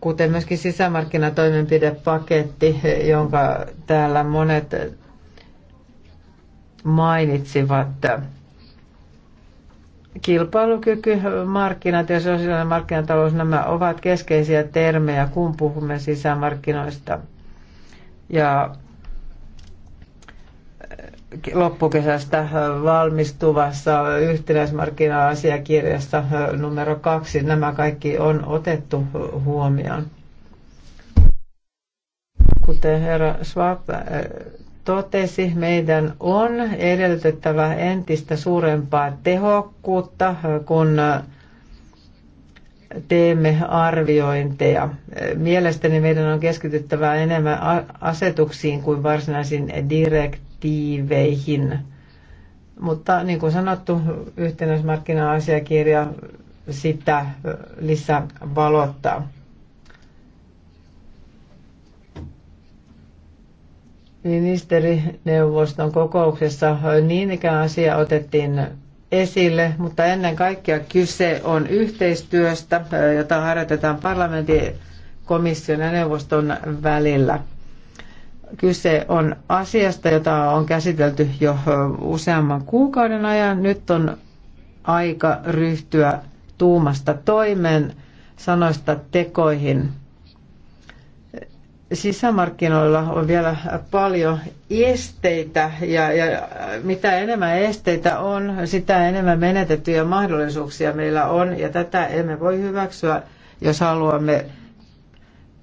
kuten myöskin sisämarkkinatoimenpidepaketti, jonka täällä monet mainitsivat. Kilpailukyky, markkinat ja sosiaalinen markkinatalous, nämä ovat keskeisiä termejä, kun puhumme sisämarkkinoista. Ja eh, loppukesästä valmistuvassa yhtenäismarkkina-asiakirjassa eh, numero kaksi. Nämä kaikki on otettu huomioon. Kuten herra Schwab eh, totesi, meidän on edellytettävä entistä suurempaa tehokkuutta, kun teemme arviointeja. Mielestäni meidän on keskityttävä enemmän asetuksiin kuin varsinaisiin direktiiveihin. Mutta niin kuin sanottu, yhtenäismarkkina-asiakirja sitä lisää valottaa. ministerineuvoston kokouksessa niin ikään asia otettiin esille, mutta ennen kaikkea kyse on yhteistyöstä, jota harjoitetaan parlamentin, komission ja neuvoston välillä. Kyse on asiasta, jota on käsitelty jo useamman kuukauden ajan. Nyt on aika ryhtyä tuumasta toimeen sanoista tekoihin sisämarkkinoilla on vielä paljon esteitä ja, ja mitä enemmän esteitä on, sitä enemmän menetettyjä mahdollisuuksia meillä on ja tätä emme voi hyväksyä, jos haluamme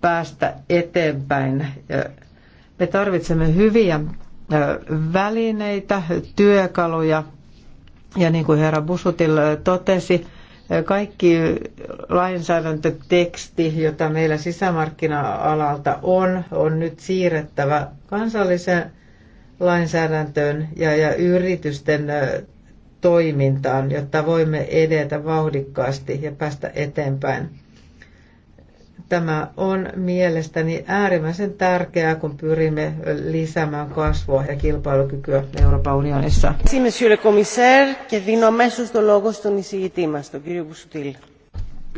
päästä eteenpäin. Me tarvitsemme hyviä välineitä, työkaluja ja niin kuin herra Busutil totesi, kaikki lainsäädäntöteksti, jota meillä sisämarkkina-alalta on, on nyt siirrettävä kansalliseen lainsäädäntöön ja, ja yritysten toimintaan, jotta voimme edetä vauhdikkaasti ja päästä eteenpäin. Tämä on mielestäni äärimmäisen tärkeää, kun pyrimme lisäämään kasvua ja kilpailukykyä Euroopan unionissa.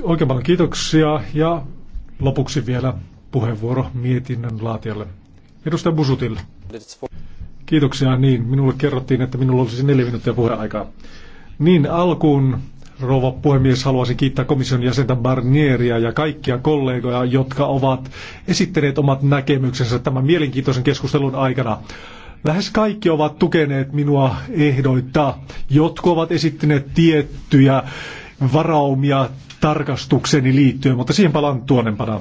Oikein paljon kiitoksia ja lopuksi vielä puheenvuoro mietinnön laatijalle. Edustaja Busutil. Kiitoksia. Niin, minulle kerrottiin, että minulla olisi neljä minuuttia puheaikaa. Niin, alkuun rouva puhemies, haluaisin kiittää komission jäsentä Barnieria ja kaikkia kollegoja, jotka ovat esittäneet omat näkemyksensä tämän mielenkiintoisen keskustelun aikana. Lähes kaikki ovat tukeneet minua ehdoita. Jotkut ovat esittäneet tiettyjä varaumia tarkastukseni liittyen, mutta siihen palaan tuonnempana.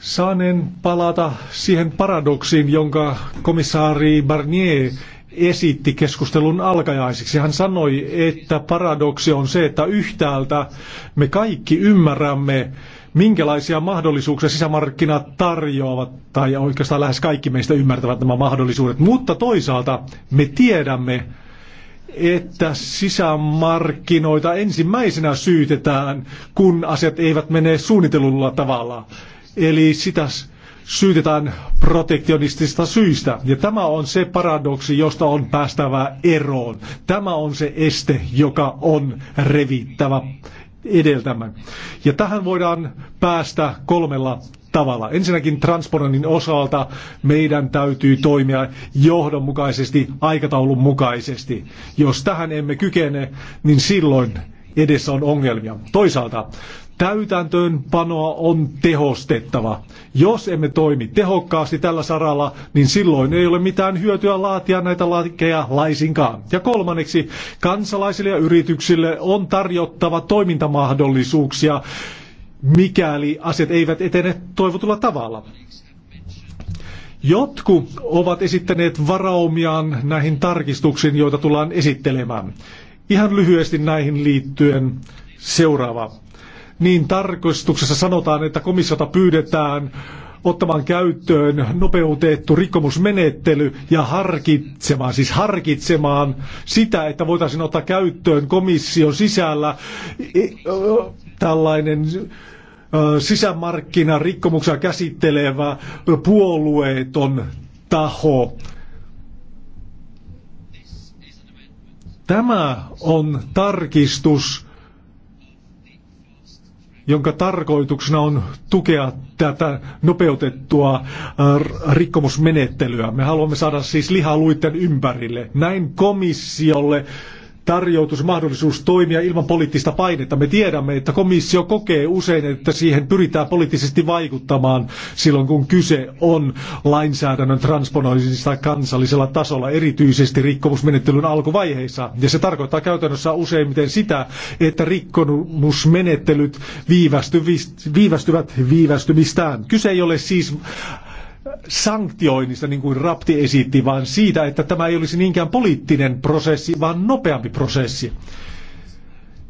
Saanen palata siihen paradoksiin, jonka komissaari Barnier esitti keskustelun alkajaisiksi. Hän sanoi, että paradoksi on se, että yhtäältä me kaikki ymmärrämme, minkälaisia mahdollisuuksia sisämarkkinat tarjoavat, tai oikeastaan lähes kaikki meistä ymmärtävät nämä mahdollisuudet, mutta toisaalta me tiedämme, että sisämarkkinoita ensimmäisenä syytetään, kun asiat eivät mene suunnitellulla tavalla. Eli sitä syytetään protektionistista syistä. Ja tämä on se paradoksi, josta on päästävä eroon. Tämä on se este, joka on revittävä edeltämään. Ja tähän voidaan päästä kolmella tavalla. Ensinnäkin transponoinnin osalta meidän täytyy toimia johdonmukaisesti, aikataulun mukaisesti. Jos tähän emme kykene, niin silloin edessä on ongelmia. Toisaalta täytäntöönpanoa on tehostettava. Jos emme toimi tehokkaasti tällä saralla, niin silloin ei ole mitään hyötyä laatia näitä lakeja laisinkaan. Ja kolmanneksi, kansalaisille ja yrityksille on tarjottava toimintamahdollisuuksia, mikäli asiat eivät etene toivotulla tavalla. Jotkut ovat esittäneet varaumiaan näihin tarkistuksiin, joita tullaan esittelemään. Ihan lyhyesti näihin liittyen seuraava niin tarkistuksessa sanotaan, että komissiota pyydetään ottamaan käyttöön nopeutettu rikkomusmenettely ja harkitsemaan, siis harkitsemaan sitä, että voitaisiin ottaa käyttöön komission sisällä e, tällainen sisämarkkina rikkomuksia käsittelevä puolueeton taho. Tämä on tarkistus, jonka tarkoituksena on tukea tätä nopeutettua äh, rikkomusmenettelyä. Me haluamme saada siis lihaa ympärille. Näin komissiolle tarjoutus mahdollisuus toimia ilman poliittista painetta. Me tiedämme, että komissio kokee usein, että siihen pyritään poliittisesti vaikuttamaan silloin, kun kyse on lainsäädännön transponoinnista kansallisella tasolla, erityisesti rikkomusmenettelyn alkuvaiheissa. Ja se tarkoittaa käytännössä useimmiten sitä, että rikkomusmenettelyt viivästyvät viivästymistään. Kyse ei ole siis sanktioinnista, niin kuin Rapti esitti, vaan siitä, että tämä ei olisi niinkään poliittinen prosessi, vaan nopeampi prosessi.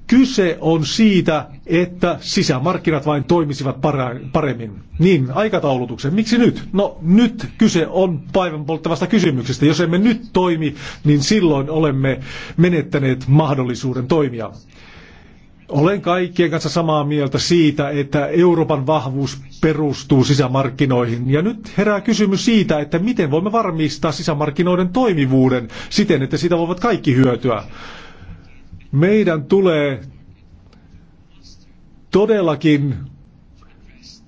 Kyse on siitä, että sisämarkkinat vain toimisivat paremmin. Niin, aikataulutuksen. Miksi nyt? No nyt kyse on päivän polttavasta kysymyksestä. Jos emme nyt toimi, niin silloin olemme menettäneet mahdollisuuden toimia. Olen kaikkien kanssa samaa mieltä siitä, että Euroopan vahvuus perustuu sisämarkkinoihin. Ja nyt herää kysymys siitä, että miten voimme varmistaa sisämarkkinoiden toimivuuden siten, että siitä voivat kaikki hyötyä. Meidän tulee todellakin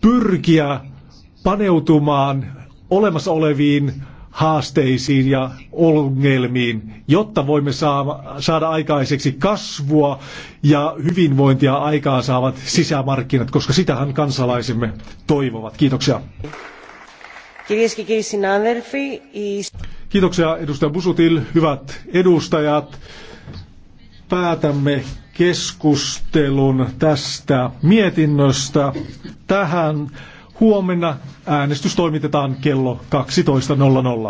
pyrkiä paneutumaan olemassa oleviin haasteisiin ja ongelmiin, jotta voimme saada aikaiseksi kasvua ja hyvinvointia aikaan saavat sisämarkkinat, koska sitähän kansalaisemme toivovat. Kiitoksia. Kiitoksia edustaja Busutil, hyvät edustajat. Päätämme keskustelun tästä mietinnöstä tähän. Huomenna äänestys toimitetaan kello 12.00.